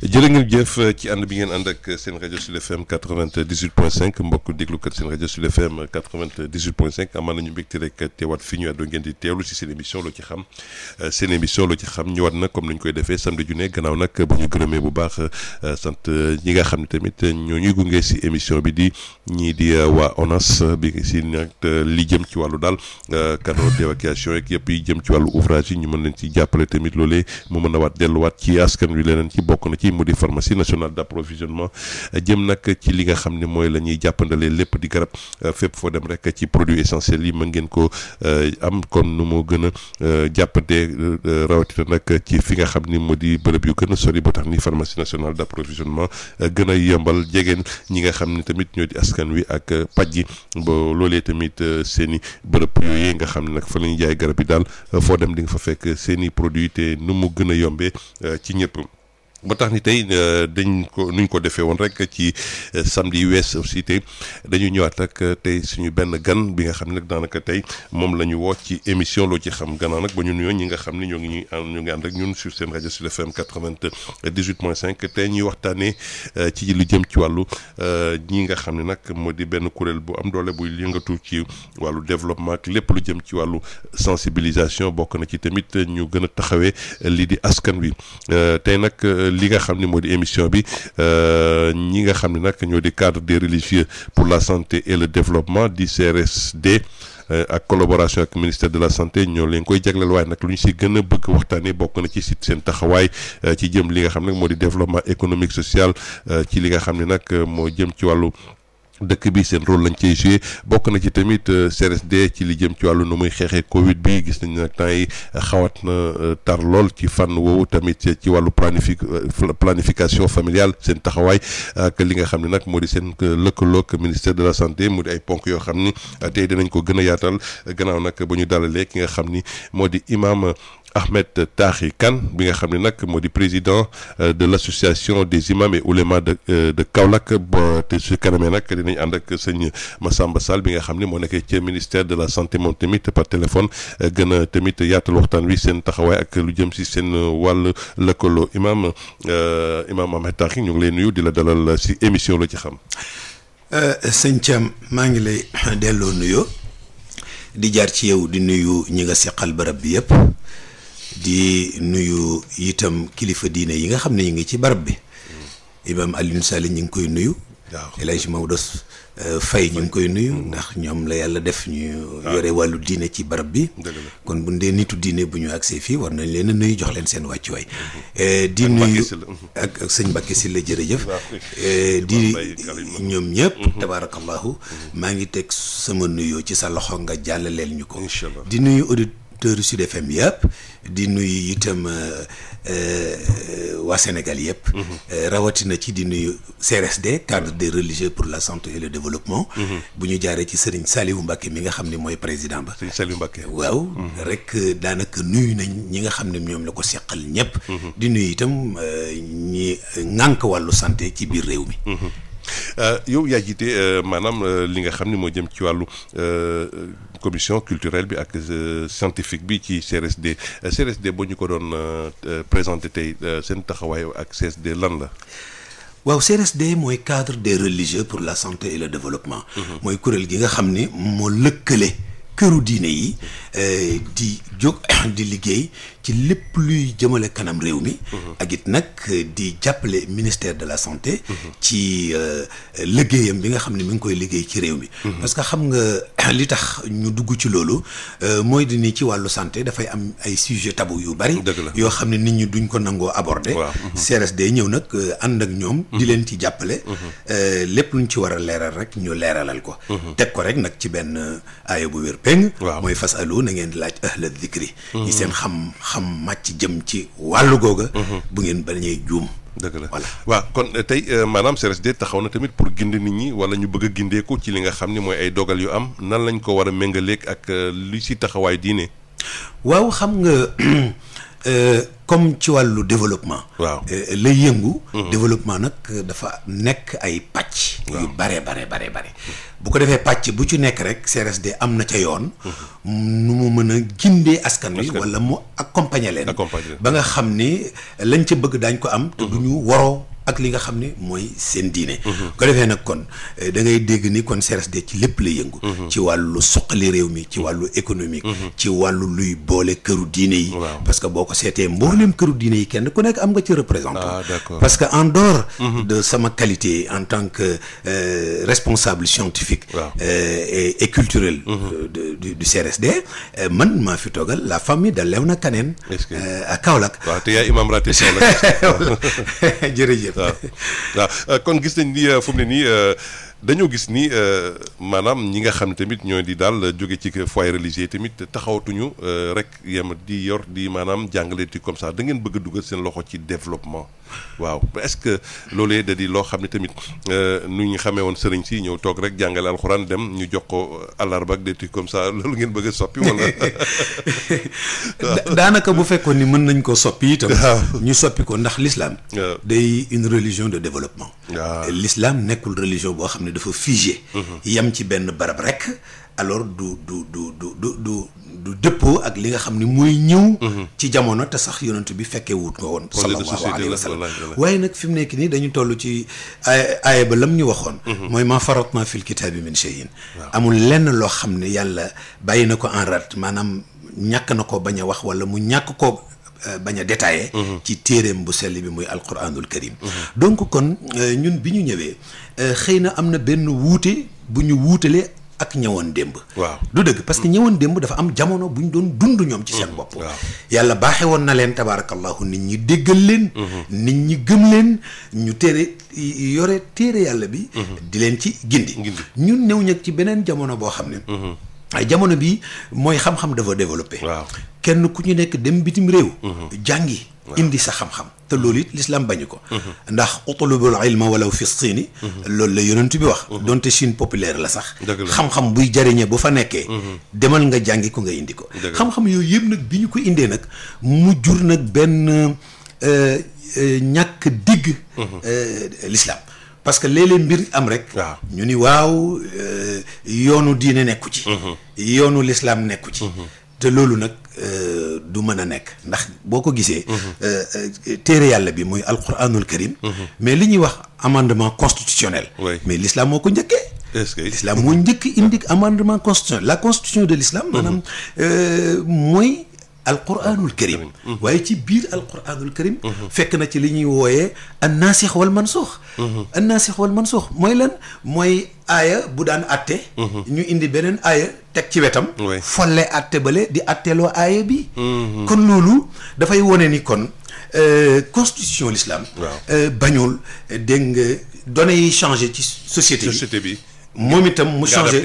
jërë ngeen jëf euh, ci ànd bi ngeen ànd ak euh, seen rajo Sud FM mbokk déglukat seen rajo Sud FM quatre vingt dix huit point cinq amaan nañu mbégte rek teewaat fi ñu àddoo ngeen di teewlu si seen émission loo ci xam euh, seen émission loo ci na comme ni koy defee samedi ju gannaaw nag bu ñu gërëmee bu baax sant ñi nga xam ne tamit ñoo ñuy gunge si émission bi di ñii di waa ONAS bi si nag li jëm ci wàllu daal canaux d'évacuation yeeg yëpp yi jëm ci wàllu ouvrage yi ñu mën leen ci jàppale tamit loolee mu a waat delluwaat ci bokk na ci moo mu di pharmacie nationale d'approvisionnement euh, jëm nag ci li nga xam ne mooy la ñuy jàppandalee lépp di garab euh, fépp foo dem rek ci produit essentiel yi mën ngeen ko euh, am kon nu moo gën a jàppandee rawatina nag ci fi nga xam ni moo di bërëb yu gën a sori ba tax ni pharmacie nationale d'approvisionnement gën a yombal jegeen ñi nga xam ne tamit ñoo di askan wi ak paj yi ba loolee tamit seen i bërëb yooyu nga xam ne nag fa la ñuy jaay garab yi daal foo dem di nga fa fekk seen i produit mu gën a yombee ci ñëpp boo tax ni tey euh, dañ ko nuñ ko defee woon rek ci euh, samedi wees aussi tey dañu ñëwaat rek euh, tey suñu benn gan bi nga xam ne nag daanaka tey moom la ñu woo ci émission loo ci xam gannaaw nag ba ñu nuyoo ñi nga xam ne ñoo ngi ñuy ñu ngi ànd rek ñun sur seen rajo su FM quatre-vingt-dix-huit point cinq tey ñuy waxtaanee ci lu jëm ci wàllu ñi nga xam ne nag moo di benn kuréel bu am doole buy yëngatu ci wàllu développement ak lépp lu jëm ci wàllu sensibilisation bokk na ci tamit ñu gën a taxawee lii di askan wi tey nag. li nga xam ni moo di émission bi euh, ñi nga xam ni nag ñoo di cadre des religieux pour la santé et le développement di CRSD euh, ak collaboration ak ministère de la santé ñoo leen koy jagleel waaye nag lu ñu si gën a bëgg waxtaanee bokk na ci sit seen taxawaay euh, ci jëm li nga xam ne moo di développement économique social ci li nga xam ne nag moo jëm ci wàllu dëkk bi seen rôle ci cay joué bokk na ci tamit euh, CRSD ci li jëm ci wàllu nu muy xeexee Covid bi gis nañ nag temps yi euh, xawat na euh, tar lool ci fànn woowu tamit ci wàllu planifi planification familiale seen taxawaay ak li nga xam ne nag moo di seen lëkkaloog ministère de la santé mu di ay ponk yoo xam ni tey dinañ ko gën a yaatal gannaaw nag ba ñu dalalee ki nga xam ni moo di imam Ahmed Tahi kan bi nga xam ne nag moo di président euh, de l' association des imams et oulémas de euh, de Kaolack ba te su kanamee nag dinañ ànd ak sëñ Massamba Sall bi nga xam ne moo nekkee ci ministère de la santé moom tamit par téléphone euh, gën a tamit yaatal waxtaan wi seen taxawaay ak lu jëm si seen wàll lëkkaloo imam imam Ahmed Tahi ñu ngi lay nuyu di la dalal si émission la ci xam. sëñ Thiam maa ngi lay delloo nuyoo di jaar ci yow di nuyu ñi nga seqal barab bi yëpp. di nuyu itam kilifa diine yi nga xam ne ñu ngi ci barab bi imam Alioune Sall ñu ngi koy nuyu El Hadji Maodo euh, Faye ñu ngi koy nuyu mm-hmm. ndax ñoom la yàlla def ñu yore wàllu diine ci barab bi kon bu dee nitu diine bu ñu agsee fii war nañ leen a nuyu jox leen seen wàccuwaay mm-hmm. euh, di nuyu mm-hmm. ak ak sëñ Mbàkke Sylla jërëjëf euh, di ñoom ñëpp tabaarakallahu maa ngi teg sama nuyoo ci sa loxo nga jàllaleel ñu ko auditeurs Sud FM yëpp di nuyu itam euh, euh, waa Sénégal yëpp. Mm-hmm. Euh, rawatina ci di nuyu CRSD cadre des religieux pour la santé le développement. Mm-hmm. bu ñu jaaree ci Serigne Saliou Mbacké mi nga xam ne mooy président ba. Serigne Saliou Mbacké waaw. Mm-hmm. rek daanaka nuyu nañ ñi nga xam ne ñoom la ko seqal ñëpp. di nuyu itam ñi ŋànk wàllu santé ci biir réew mi. yow yaa maanaam li nga xam ne moo jëm ci wàllu. commission culturelle bi ak euh, scientifique bi ci CRSD euh, CRSD boo ñu ko doon euh, présenté tey seen taxawaay ak CSD lan la. waaw CRSD mooy cadre des religieux pour la santé et le développement. Mhm. mooy kuréel gi nga xam ni moo lëkkale këru diine yi di jóg di liggéey ci lépp luy jëmale kanam réew mi. Mhm. ak it nag di jàppale ministère de la santé. Mhm. ci euh, liggéeyam bi nga xam ne mu ngi koy liggéey ci réew mi. Mhm. parce que xam nga li tax ñu dugg ci loolu euh, mooy di ni ci wàllu santé dafay am ay sujet tabu yu bari. yoo xam ne nit ñi duñ ko nangoo aborder. CRSD ñëw nag euh, ànd ak ñoom. di leen ci jàppale. lépp luñ ci war a leeral rek ñu leeralal ko. teg ko rek nag ci benn aaya bu wér peng. mooy fas alu na laaj ahla dikri. yi seen xam màcc jëm ci wàllu googa. Mhm. bu ngeen bañee juum. dëgg la voilà waaw kon tey euh, maanaam CRSD taxaw na tamit pour gindi nit ñi wala ñu bëgg a gindeeku ci li nga xam ni mooy ay dogal yu am nan lañ ko war a méngaleeg ak euh, li si taxawaay diine. waaw xam nga. Euh, comme ci wàllu développement. waaw euh, lay yëngu. Mm-hmm. développement nag euh, dafa nekk ay pàcc. yu bare bare bare bare. bu ko defee pàcc bu ci nekk rek CRSD am na ca yoon. Mm-hmm. nu mu mën a gindee askan wi. wala mu accompagner leen. ba nga xam ni lañ ca bëgg daañ ko am. te mm-hmm. du ñu waroo. ak li nga xam ni mooy seen diine. ko defee nag kon eh, da ngay dégg ni kon CRSD ci lépp la yëngu. ci wàllu suqali réew mi ci wàllu économique. ci wàllu luy boole këru diine yi. parce que boo ko seetee mboolem këru diine yi kenn ku nekk am nga ci représentant. Ah, parce que en dehors. Mhm. de sama qualité en tant que euh, responsable scientifique. Euh, et et culturel. Mhm. du CRSD euh, man maa fi toogal la famille de Léona Kaneen. à Kaolack. waaw te yaay imam ratib Kaolack. jërëjëf. waaw waaw kon gis nañ ni fu mu ne nii. dañoo gis ni euh, maanaam ñi nga xam ne tamit ñoo di daal jóge ci foyer religieux tamit taxawatuñu euh, rek yem di yor di maanaam jàngaleeti comme ça da ngeen bëgg dugal seen loxo ci développement waaw est-ce que loolee da di loo xam ne tamit euh, nu ñu xamee woon sëriñ si ñëw toog rek jàngale alxuraan dem ñu jox ko àllarba ak des trucs comme ça loolu ngeen bëgg soppi soppi wala. daanaka bu fekkoon ni mën nañ ko soppi tam ñu soppi ko ndax l'islam. day une religion de développement. waaw nekkul religion boo xam ne dafa figé. yem mhm. ci benn barab rek alors du du du du du du du dëppoo ak li nga xam ni mooy ñëw. Mhm. ci jamono te sax yonent bi fekkee wut nga woon. sallallahu alayhi wa sallam waaye nag fi mu nekk nii dañu toll ci aaya ba lam ñu waxoon. Mhm. mooy ma faratna fil kitaabi min shay'in amul lenn loo xam ne yàlla bàyyi na ko en rat maanaam ñàkk na ko bañ a wax wala mu ñàkk ko. Euh, bañ a détaillé mhm. ci téeréem bu sell bi muy alquranul karim donc kon euh, ñun bi ñu ñëwee euh, xëy na am na benn wuute bu ñu wuutalee ak ñëwoon démb waaw du dëgg parce que mhm. ñëwoon démb dafa am jamono bu ñu doon dund ñoom ci seen mhm. bopp yàlla baaxe woon na leen tabaarakallahu nit ñi déggal leen nit ñi gëm leen ñu téere yore téere yàlla bi di leen ci gindi ñun ñëw ñëg ci beneen jamono boo xam ne jamono bi mooy xam-xam dafa développé. waaw kenn ku ñu nekk dem bitim réew. Mhm. jàngi indi sa xam-xam. te loolu it lislaam bañu ko. Mhm. ndax utlubul ilma walaw fi siini. Mhm. loolu la yonent bi wax. donte Chine populaire la sax. xam-xam buy jariñe bu fa nekkee. demal nga jàngi ko nga indi ko. xam-xam yooyu yëpp nag bi ñu ko indee nag mu jur nag benn euh, euh, ñàkk digg. Euh, l'islam. parce que léeg-léeg mbir am rek. waaw ñu ni waaw euh, yoonu diine nekku ci. Mhm. yoonu lislaam nekku ci. Mhm. te loolu nag euh, du mën a nekk ndax boo ko gisee. Mhm. Euh, téere yàlla bi muy alquranul karim. mais li ñuy wax amendement constitutionnel. mais l'islam moo ko njëkkee. est-ce njëkk indi amendement constitutionnel la constitution de l'islam maanaam mooy. alquranul karim mhm. waaye ci biir alquranul karim mhm. fekk na ci li ñuy wooyee annaasix wal mansuux mhm. annaasix wal mansuux mooy lan mooy aaya bu daan atte ñu indi beneen aaya teg ci wetam folle atte bale di atteloo aaya bi kon loolu dafay wone ni kon euh, constitution lislaam euh, bañul dégg nga données changé ci société bi moom itam mu changé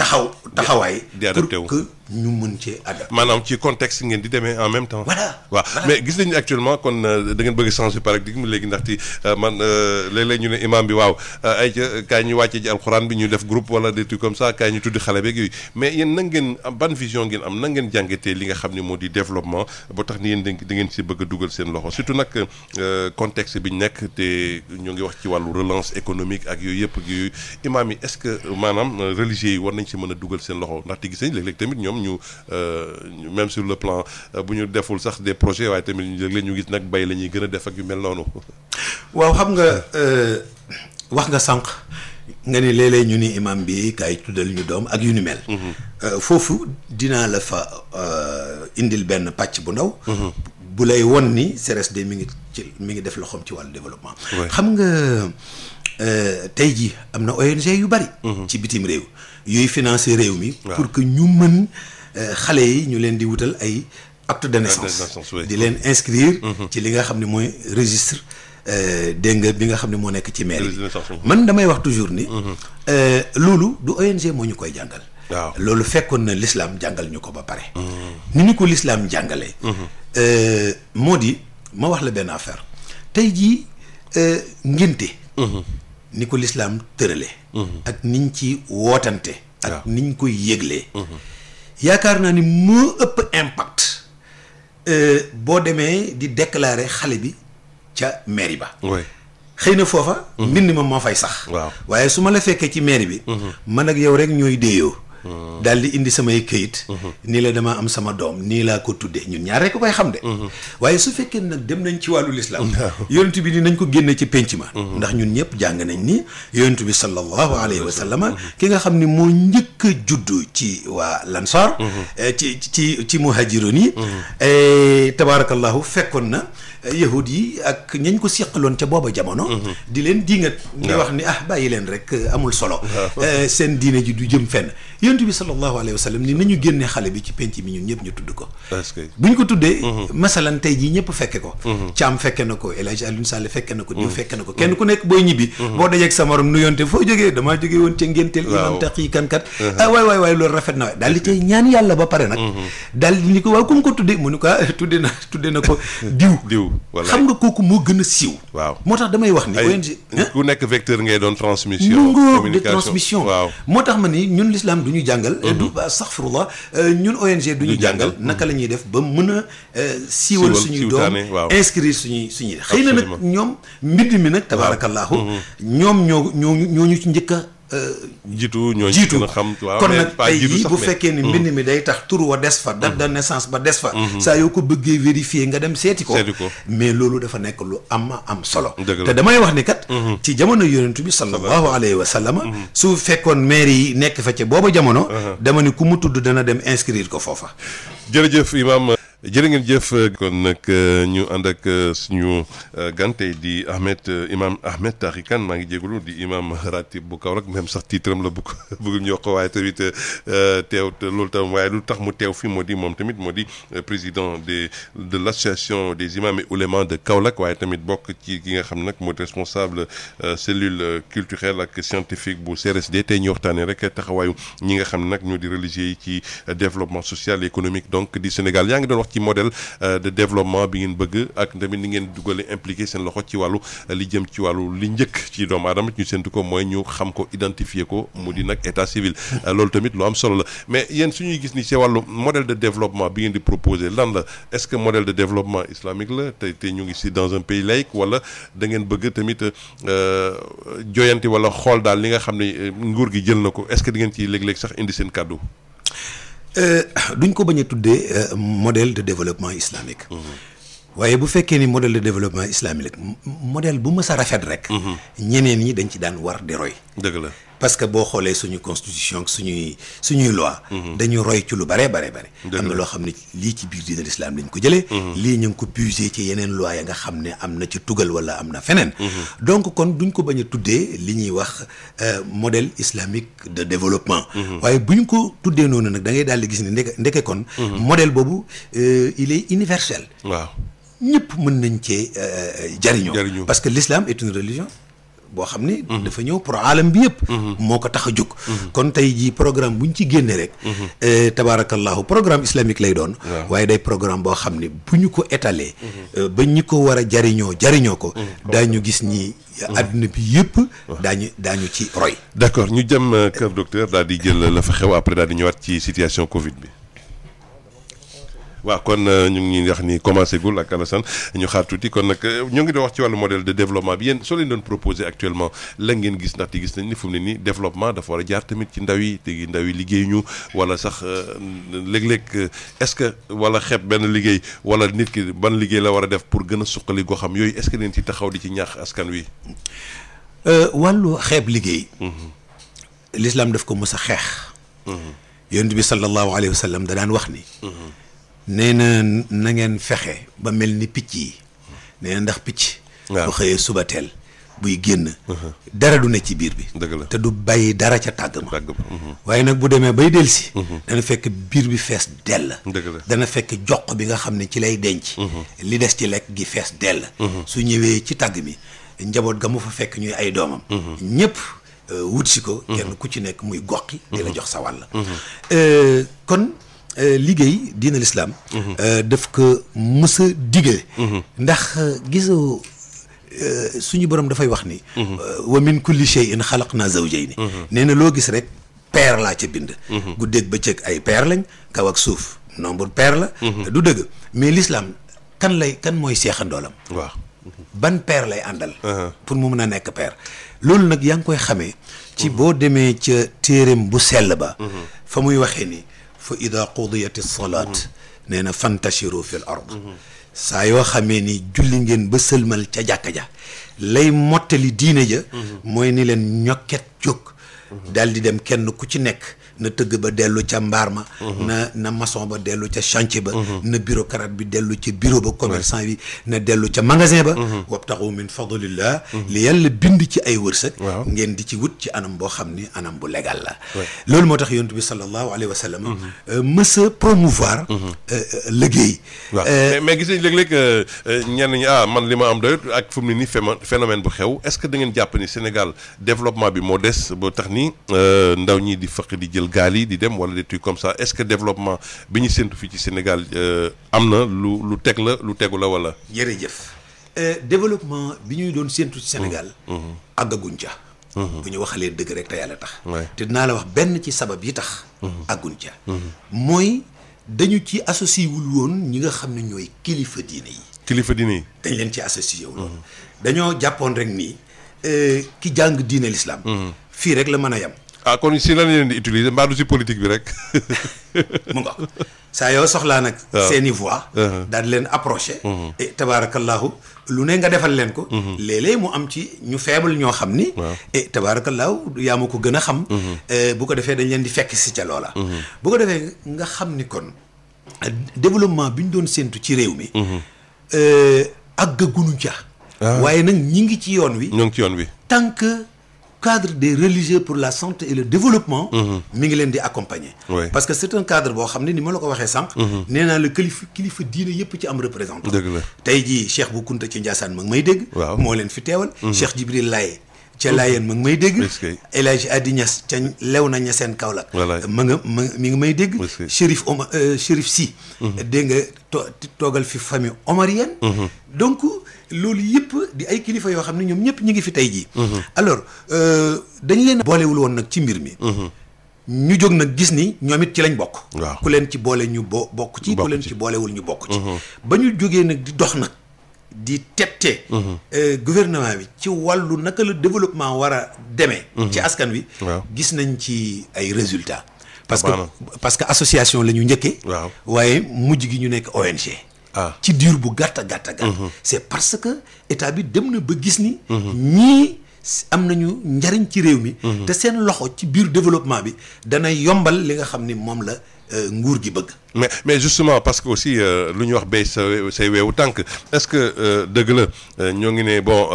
taxaw taxawaay pour que ñu mën ci adapté. maanaam ci contexte ngeen di demee en même temps. waa waaw mais gis nañu actuellement kon euh, da ngeen bëgg a changer paradigme léegi ndaxte euh, man euh, léeg-léeg ñu ne imam bi waaw ay ca kaay ñu wàccee ci alxuraan bi ñu def groupe wala des trucs comme ça kaa ñu tuddi xale beeg yooyu mais yéen na ngeen ban vision ngeen am nangeen ngeen jàngatee li nga xam ne moo di développement ba tax ni yéen da ngeen si bëgg a dugal seen loxo surtout nag contexte bi ñu nekk ñoo ngi wax ci wàllu relance économique ak yooyu yëpp ak yooyu imam ce que maanaam religieux yi war nañ si mën a dugal seen loxo ndaxte gis nañ léeg-léeg tamit ñoom ñoom euh, ñu même sur le plan euh, bu ñu deful sax des projet waaye tamit ñu ñu gis nag bay la ñuy gën a def ak yu mel noonu. waaw xam nga euh, wax nga sànq. nga ni léeg ñu ni imam bi kaay tuddal ñu doom ak yu ni mel. Mhm. foofu dinaa la fa indil benn pàcc bu ndaw. Mhm. bu lay won ni CRSD mi ngi ci mi ngi def loxoom ci wàllu développement. xam nga tey ji am na ONG yu bari. Mhm. ci bitim réew. yooyu financer réew mi. pour que ñu mën euh, xale yi ñu leen di wutal ay acte de naissance di leen inscrire. Mm-hmm. Mm-hmm. ci li nga xam ne mooy registre euh, dégg nga bi nga xam ne moo nekk ci mairie bi. Mm-hmm. man damay wax toujours ni. Euh, loolu du ONG moo ñu koy jàngal. waaw loolu fekkoon na lislaam jàngal ñu ko ba pare. ni ñu ko lislaam jàngale moo di ma wax la benn affaire tey jii ngénte. ni ko lislaam tërale mhm. ak niñ ci wootante ak niñ koy yëglee mhm. yaakaar naa ni moo ëpp impact euh, boo demee di déclarer xale bi ca mairie ba xëy na foofa mhm. mbind ma moo fay sax waaw waaye su ma la fekkee ci mairie bi man ak yow rek ñooy déeyoo Mm-hmm. daal di indi samay këyit mm-hmm. nii la dama am sama doom nii laa ko tuddee ñun ñaar rek koy xam de mm-hmm. waaye su fekkee nag dem nañ ci wàllu lislaam yonent bi ni nañ ko génne ci pénc ma ndax ñun ñëpp jàng nañ ni yonent bi sallallahu alayhi wa sallam ki nga xam ni moo njëkk a judd ci waa lansar eh, ci ci ci muhajiroon yi eh, tabaarakallahu fekkoon na eh, yahud yi ak ñañ ko siqaloon ca booba jamono di leen nga nga wax ni ah bàyyi leen rek amul solo seen diine ji du jëm fenn yonent bi sallallahu alayhi wa sallam ni nañu génne xale bi ci penc mi ñun ñëpp ñu tudd ko bu ñu ko tuddee mhm. masalan tey jii ñëpp fekke ko mhm. Caam fekke na ko El Hadj Alioune Sall fekke na ko diw mhm. fekke na ko kenn ku nekk ah, tuddee ah, na ko diw xam nga kooku moo gën a siiw moo tax damay wax ni ONG ku ah? nekk vecteur ngay doon transmission mu ngóor de transmission moo tax ma ni ñun l'islam Mhm. Euh, du ñu jàngal. du astaghfirullah ñun ONG. du ñu jàngal naka la ñuy def ba mën a. Euh, siiwal suñuy doom inscrire suñuy suñuy. xëy na nag ñoom mbind mi nag. tabaarakallaahu mhm. ñoom ñoo ñoo ñoo ñu ci njëkk a Euh, jiitu ñoo jiitu xam kon nag tey jii bu fekkee ni mm. mbind mi day tax tur wa des fa da de mm-hmm. naissance ba des fa mm-hmm. saa yoo ko bëggee vérifier nga dem seeti ko ko mais loolu dafa nekk lu am am solo te damay wax ni kat mm-hmm. ci jamono yonentu bi sallallahu alayhi wa sallam su fekkoon maire yi nekk fa ca booba jamono uh-huh. dama ni ku mu tudd dana dem inscrire ko foofa jërë ngeen jëf kon nag euh, ñu ànd ak euh, suñu euh, gante di Ahmed imam Ahmed Taqi kan maa ngi jégalu di imam ratib bu kaw Kaolack même sax tiitram la bu ko bëgg ñu ko waaye tamit teew loolu tam waaye lu tax mu teew fi moo di moom tamit moo di président des de l'association des imams et oulémas de Kaolack waaye tamit bokk ci ki nga xam nag moo di responsable cellule culturelle ak scientifique bu CRSD tey ñu waxtaanee rek taxawaayu ñi nga xam nag ñoo di religieux ci développement social et économique donc di Sénégal yaa ngi doon ci modèle euh, de développement bi ngeen bëgg ak tamit ni ngeen dugale impliqué seen loxo ci wàllu euh, li jëm ci wàllu li njëkk ci doomu aadama ñu séntu ko mooy ñu xam ko identifier ko mu di nag état civil euh, loolu tamit lu am solo la mais yéen suñuy gis ni ci wàllu model de développement bi ngeen di proposer lan la est-ce que modèle de développement islamique la te te ñu ngi si dans un pays laïque wala da ngeen bëgg tamit joyanti wala xool daal li nga xam ne nguur gi jël na ko est-ce que ngeen ci léeg sax indi seen kàddu Euh, duñ ko bañ a tuddee euh, model de développement islamique. Mhm. waaye bu fekkee ni modèle de développement islamique modèle bu mës a rafet rek. Mhm. ñeneen ñi dañ ci daan war di roy. dëgg la. parce que boo xoolee suñu constitution ak suñuy suñuy loi mhm. dañu roy ci lu bare bare bare am na loo xam ne lii ci biir diine lislaam lañ ko jëlee mhm. lii ñu ngi ko puiser ci yeneen loi ya nga xam ne am na ci tugal wala am na feneen mhm. donc kon duñ ko bañ a tuddee li ñuy wax euh, modèle islamique de développement waaye bu ñu ko tuddee noonu nag da ngay daal di gis ne ndeke ndeke kon model boobu euh, il est universel waaw ñëpp mën nañ cee euh, jariñoo parce que l'islam est une religion boo xam ne dafa ñëw poro alam bi yëpp moo ko tax a jóg kon tey jii programme buñ ci génnee rek eh, tabaarakallahu programme islamique lay doon waaye day programme boo xam ne bu ñu ko étaler eh, ba ñi ko war a jariñoo jariñoo ko mm-hmm. daañu gis ñi àdduna mm-hmm. bi yëpp daañu daañu ci roy d'accord ñu jëm euh, kër docteur daal di jël la fa xew après daal di ñëwaat ci situation covid bi waaw kon euh, ñu ngi ñuy wax ni commencé gul ak Alassane ñu xaar tuuti kon nag euh, ñoo ngi doon wax ci wàllu modèle de développement bi yéen soo leen doon proposé actuellement la ngeen gis ndaxte gis nañ ni fu mu ne nii développement dafa war a jaar tamit ci ndaw yi te ndaw yi liggéey ñu wala sax euh, léeg-léeg est-ce que wala xeeb benn liggéey wala nit ki ban liggéey la war a def pour gën a suqali xam yooyu est-ce que leen ci taxaw di ci ñaax askan wi. wàllu xeeb liggéey. Mhm. ko mës a xeex. Mhm. yonent bi sallallahu alayhi wa sallam da wax ni. Mhm. nee na na ngeen fexe ba mel ni picc yi nee ndax picc bu xëyee suba teel buy génn uh-huh. dara du ne ci biir bi dëgg la te du bàyyi dara ca tàgg ma uh-huh. waaye nag bu demee bay delsi uh-huh. dana fekk biir bi fees dell dëgg la dana fekk jox bi nga xam ne ci lay denc li des ci lekk gi fees dell su ñëwee ci tàgg mi njaboot ga mu fa fekk ñuy ay doomam ñëpp euh, wut si ko kenn ku ci nekk muy goqi di la jox sa wàll euh, kon Euh, liggéey diina lislaam mhm. euh, daf ko mës a diggee mhm. ndax euh, gisoo suñu borom dafay wax ni mhm. wa min kulli shay'in xalaq naa zawjayni nee na loo gis rek paire laa ca bind guddeeg bëccëg ay paire lañ kaw ak suuf nombre paire la du dëgg mais l'islam kan lay kan mooy seexandoolam waaw ban paire lay àndal uh-huh. pour mu mun a nekk paire loolu nag yaa ngi koy xamee ci boo demee ca téereem bu sell ba fa muy waxee ni fa ida qudiyat salaat nee na fantashiru fi l ard saa yoo xamee ni julli ngeen ba sëlmal ca jàkka ja lay mottali diine ja mhm. mooy ni leen ñokket jóg daal dem kenn ku ci nekk na tëgg ba dellu ca mbaar ma mhm. na na maçon ba dellu ca chance ba mhm. na bureaucrate bi dellu ca bureau ba commerçant bi na dellu ca magasin ba mhm. wabtaxu min fadlillah li yàlla bind ci ay wërsëg ngeen di ci wut ci anam boo xam ni anam bu légal la loolu moo tax yonent bi sallallahu alayhi wa sallam euh, mësa promouvoir euh, euh, liggéey waaw mais gis nañ léeg-léeg ñenn ñi ah man li ma am doyut ak fu mu ne nii phénomène bu xew est-ce que da ngeen jàpp ni Sénégal développement bi moo des boo tax ni ndaw ñi di fëq di jël gaal yi di dem wala des trucs comme ça est-ce que développement bi ñu séntu fii ci Sénégal euh, am na lu lu teg la lu tegu la wala. jërëjëf euh, développement bi ñuy doon séntu ci Sénégal. Mm-hmm. Mm-hmm. àggaguñ ca. Mm-hmm. bu ñu waxalee dëgg rek te yàlla tax. te dinaa la wax benn ci sabab yi tax. àgguñ ca. mooy dañu ci associé wul woon ñi nga xam ne ñooy kilifa diine yi. kilifa diine yi. dañ leen ci associé wul woon. dañoo jàppoon rek nii euh, ki jàng diine l'islam. fii rek la mën a yem. ah kon si lan leen di utiliser mbaa du si politique bi rek. mu nga saa yoo soxlaa nag. Ah. seen i ah. daal di leen approché. Mhm. et eh, tabaarakallahu lu ne nga defal leen ko. Mhm. léeg mu am ci ñu faible ñoo xam ni. et eh, tabaarakallahu yaa ma ko gën a xam. Mhm. Eh, bu ko defee dañ leen di fekk si ca loola. bu ko defee nga xam ni kon développement bi ñu doon séntu ci réew mi. àggaguñu ca. Ah. waaye nag ñi ngi ci yoon wi. ñoo ngi ci yoon wi cadre des religieux pour la santé et le développement. Mhm. mi ngi leen di accompagner. parce que c'est un cadre boo xam ne ni ma la ko waxee sànq. Mhm. nee naa la kilifa kilifa diine yëpp ci am représentant. dëgg la tey jii Cheikh Bou Kounta ci Ndiassane ma ngi may dégg. waaw moo leen fi teewal. Mhm. Cheikh Jibril Laye. ca Laayeen ma ngi may dégg. El Hadj Adi ca lew na Niassène Kaolack. ma nga ma mi ngi may dégg. Chérif Omar euh, Chérif Sy. dégg nga fi famille omarienne. loolu yëpp di ay kilifa yoo xam ne ñoom ñëpp ñu ngi fi tey jii. Mhm. alors euh, dañ leen boolewul woon nag ci mbir mi. Mhm. ñu jóg nag gis ni ñoom it ci lañ bokk. ku leen ci boole ñu bo bokk ci. ku leen ci boolewul ñu bokk ci. Mhm. ba ñu jógee nag di dox nag. di tette. Euh, gouvernement bi ci wàllu naka la développement war a demee. ci askan wi. gis nañ ci ay résultat parce que parce que association lañu njëkke njëkkee. waaye mujj gi ñu nekk ONG. Ah. ci diir bu gàtta gàtta gàtt mhm. c'est parce que état bi dem na ba gis ni mhm. ñii am nañu njariñ ci réew mi mhm. te seen loxo ci biir développement bi dana yombal li nga xam ni moom la Euh, nguur gi bëgg. mais mais justement parce que aussi euh, lu ñu wax béy sa say weewu tànk est-ce que euh, dëgg la ñoo ngi ne bon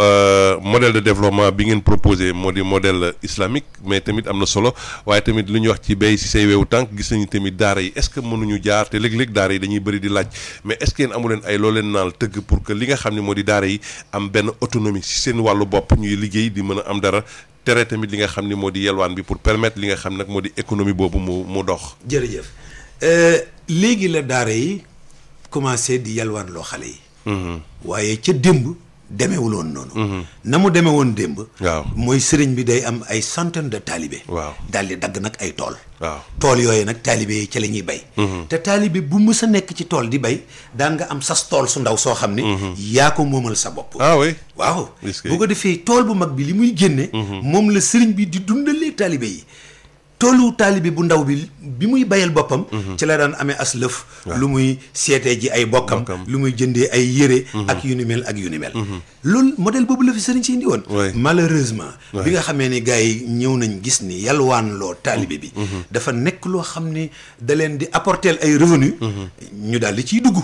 modèle de développement bi ngeen proposé moo di modèle islamique mais tamit am na solo waaye tamit lu ñu wax ci béy si say weewu tànk gis nañu tamit daara yi est-ce que mënuñu jaar te léeg-léeg daara yi dañuy bëri di laaj mais est-ce que leen ay loo leen naal tëgg pour que li nga xam ne moo di daara yi am benn autonomie si seen wàllu bopp ñuy liggéey di mën a am dara tere tamit li nga xam ni moo di yelwaan bi pour permettre li nga xam nag moo di économie boobu mu mu dox. jërëjëf euh, léegi la daara yi commencé di yelwaan loo xale yi. Mm-hmm. waaye ca démb. demeewuloon noonu. Mhm. na mu demee woon démb. waaw mooy sëriñ bi day am ay centaine de taalibe. waaw daal dagg nag ay tool. tool yooyu nag taalibe yi ca la ñuy bay. Mhm. te taalibe bu mës a nekk ci tool di bay daan nga am sas tool su ndaw soo xam ni. Mhm. yaa ko moomal sa bopp. ah oui waaw. bu ko defee tool bu mag bi li muy génne. moom la sëriñ bi di dundalee taalibe yi. toolu taalibi bu ndaw bi bi muy bayal boppam mhm. ci la daan amee as lëf lu muy seetee ji ay bokkam lu muy jëndee ay yére ak yu ni ak yu ni mel mhm. loolu modèle boobu la fi sëriñ si indi malheureusement bi nga xamee ni gars yi ñëw nañ gis ni yalwaan loo taalibe bi mhm. dafa nekk loo xam ni da leen di apporter ay revenu ñu daal di ciy dugg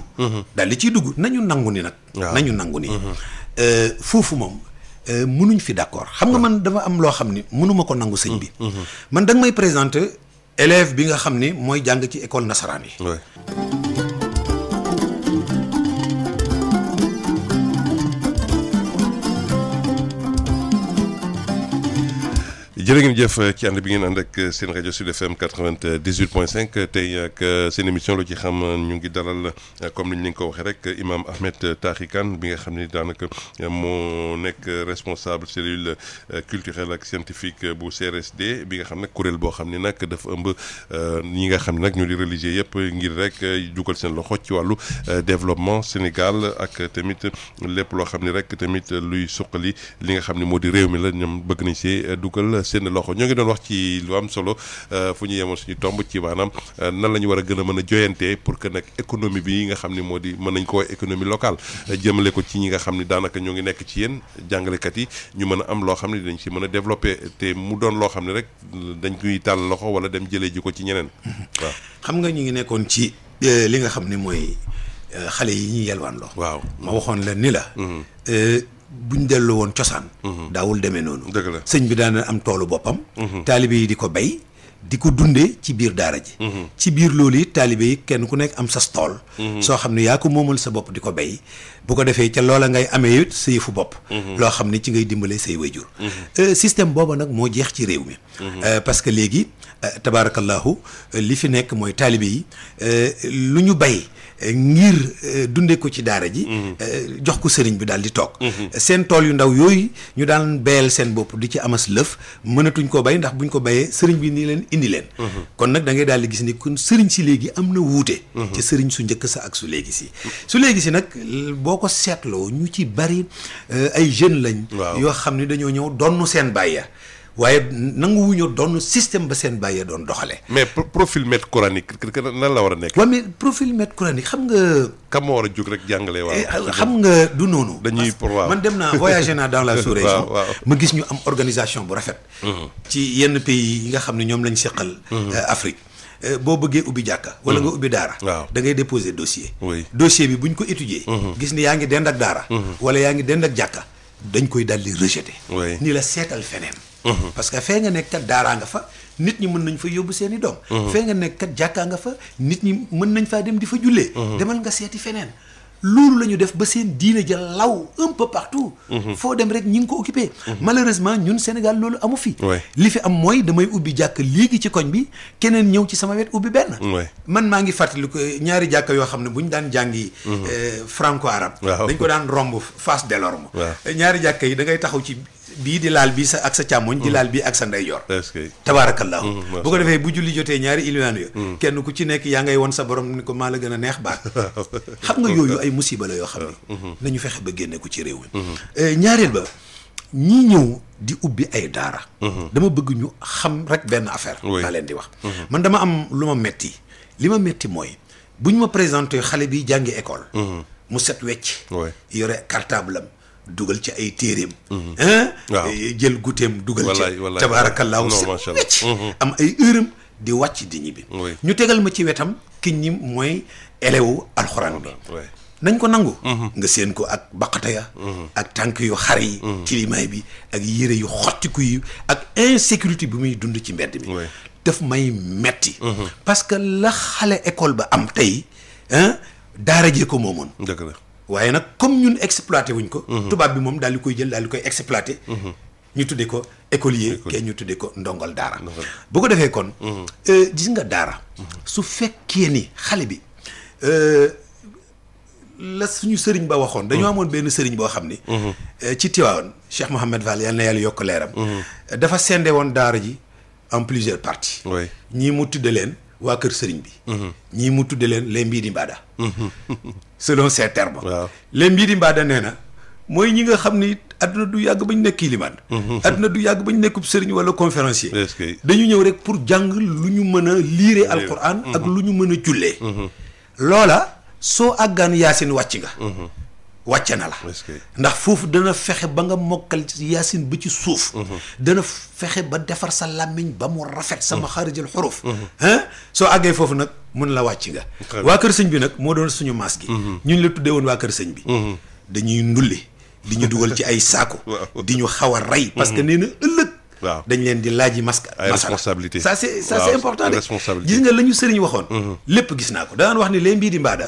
daal di ciy dugg nañu nangu ni nag nañu nangu ni euh, foofu moom Euh, munuñ fi d' accord xam nga man dafa am loo xam ni mënuma ko nangu sëñ bi mm-hmm. Mm-hmm. man da may présenter élève bi nga xam ni mooy jàng ci école nasaraan yi jërë ngeen jëf ci ànd bi ngeen ànd ak seen rajo Sud FM quatre vingt dix huit point cinq tey ak euh, seen émission lu ci xam euh, ñu ngi dalal euh, comme ni ñu ko waxee rek imam Ahmed Taaxi kan bi nga xam ne daanaka moo nekk responsable cellule culturelle ak scientifique bu CRSD bi nga xam nag kuréel boo xam ne nag dafa ëmb ñi nga xam ne nag ñu di religieux yëpp ngir rek dugal seen loxo ci wàllu développement Sénégal ak tamit lépp loo xam ne rek tamit luy suqali li nga xam ne moo di réew mi la ñoom bëgg nañ see dugal seen loxo ñoo ngi doon wax ci lu am solo euh, fu ñu yemoon suñu tomb ci maanaam euh, nan la ñu war a gën a mën a joyantee pour que nag économie bi nga xam ni moo di mën nañ ko économie locale euh, jëmale ko ci ñi nga xam ne daanaka ngi nekk ci yéen jàngalekat yi ñu mën a am loo xam ne dañ si mën a développé te mu doon loo xam ne rek dañ koy tàll loxo wala dem jëlee ji ko ci ñeneen mm-hmm. waaw xam nga ñu ngi nekkoon ci li nga xam ni mooy xale yi ñuy yelwaan loo waaw ma waxoon la ni la mm-hmm. buñ delloo woon cosaan. Mhm. daawul demee noonu. sëñ bi daan am toolu boppam. Mhm. taalibe yi di ko bay di ko dundee ci biir daara ji. Mhm. ci biir loolu it taalibe yi kenn ku nekk am sa tool. soo xam ne yaa ko moomal sa bopp di ko bay bu ko defee ca loola ngay amee it sa yëfu bopp. loo xam ne ci ngay dimbale say wayjur. Euh, système booba nag moo jeex ci réew mi. Euh, parce que léegi euh, tabaarakallahu li fi nekk mooy taalibe yi lu ñu bay. Eh, ngir eh, dundee ko ci daara ji. Mhm. Eh, jox ko sëriñ bi daal di toog. Mhm. seen tool yu ndaw yooyu ñu daan béyal seen bopp di ci amas lëf mënatuñ ko bay ndax buñ ko béyee sëriñ bi ni leen indi leen. Mhm. kon nag dangay ngay daal di gis ni kon sëriñ si léegi am na wuute. ci sëriñ su njëkk sa ak su léegi si. su léegi si nag boo ko seetloo ñu ci bari ay jeunes lañ. yoo xam ne dañoo ñëw donnu seen bàyya waaye nanguwuñu doon système ba seen bàyyee doon doxalee. mais profil maître coranique nan la war a nekk. waaw mais profil maître coranique xam nga. kam ma war a jóg rek jàngale waaw. Eh, ah, xam nga du noonu. dañuy pour waaw man dem naa voyagé naa dans la sous-région. ma gis ñu am organisation bu rafet. Mhm. ci yenn pays yi nga xam ne ñoom lañu seqal. Mhm. Euh, Afrique. Euh, boo bëggee ubbi jàkka. wala mhm. nga ubbi daara. waaw da ngay déposer dossier. dossier bi buñ ko étudier. gis ni yaa ngi dend ak daara. wala yaa ngi dend ak jàkka. dañ koy daal di rejeter. ni la seetal feneen. Mhm. parce que fee nga nekk kat daaraa nga fa nit ñi mën nañ fa yóbbu seen i doom. Mhm. fee nga nekk kat jàkkaa nga fa nit ñi mën nañu faa dem di fa jullee. Mhm. demal nga seeti feneen. loolu la ñu def ba seen diine ja law un peu partout. Mhm. foo dem rek ñi ngi ko occupé. Mhm. malheureusement ñun Sénégal loolu amu fi. li fi am mooy damay ubbi jàkk léegi ci koñ bi keneen ñëw ci sama wet ubbi benn. man maa ngi fàttaliku eh, ñaari jàkk yoo xam ne bu ñu daan jàngi. Mhm. Eh, franco arabe. dañ ko daan romb face delorme eh, ñaari jàkk yi da ngay taxaw ci. bii di laal bii sa ak sa càmmoñ di mm. laal bi ak sa ndeyjoor tabaarakallahu mm, bu ko defee bu julli jotee ñaari ilimaan yo mm. kenn ku ci nekk yaa ngay won sa borom ni ko maa la gën a neex baat xam nga yooyu ay musiba la yoo xam ne mm-hmm. mm-hmm. nañu fexe ba génne ko ci réew mi mm-hmm. eh, ñaareel ba ñii ñëw di ubbi ay daara dama bëgg ñu xam rek benn affaire laa leen di wax man dama am lu ma metti li ma metti mooy bu ñu ma présenté xale bi jàngi école mu set wecc yore cartable dugal ci ay téeréem. Mhm. waaw eh, jël guuteem dugal ci tabaarakallaahu mhm. am ay heure di wàcc di ñibbi. ñu tegal ma ci wetam ki ñi mooy elewu alxuraan bi. nañ ko nangu. Mhm. nga séen ko ak baqata ya ak tànk yu xar yi. cilimaay bi ak yére yu xottiku yi ak insécurité bi muy dund ci mbedd mi. daf may metti. parce que la xale école ba am tey daara jee ko moomoon. waaye nag comme ñun exploité wuñ ko. Mhm. tubaab bi moom daal di koy jël daal di koy exploité. Mhm. ñu tuddee ko écolier. kee ñu tuddee ko ndongal daara. bu ko defee kon. Mhm. Euh, gis nga daara. su fekkee ni xale bi euh, la suñu sëriñ ba waxoon. dañoo amoon benn sëriñ boo xam ni. Euh, ci Tiwaawan Cheikh Mouhamed Fall yal na yàlla yokk leeram. dafa sende woon daara ji en plusieurs parties. ñii mu tudde leen. waa kër sëriñ bi. Mhm. ñii mu tuddee leen les mbii di mbaada. Mhm. selon ces termes. waaw les mbii di mbaada nee na mooy ñi nga xam ni àdduna du yàgg ba ñu nekk kilimaan. Mhm. àdduna du yàgg ba ñu nekkub sëriñ wala conférencier. dañu ñëw rek pour jàng lu ñu mën a liire alquran. ak lu ñu mën a jullee. loola soo àggaan seen wàcc nga. wàcce na la ndax foofu dana fexe ba nga mokkal yaasin bi ci suuf mhm. dana fexe ba defar sa làmmiñ ba mu rafet sama mhm. xaarijal xuruf mhm. soo àggee foofu nag mun la wàcc nga waa kër sëñ bi nag moo doon suñu maas gi ñun la tuddee woon waa kër sëñ bi dañuy ndulli di ñu dugal ci ay saako di ñu xaw a rey parce que nee na ëllëg waaw dañ leen di laaj masque ay responsabilité ça c'est ça c'est important de gis nga la ñu sëriñ waxoon lépp gis naa ko danaan wax ni lee mbii di mbaada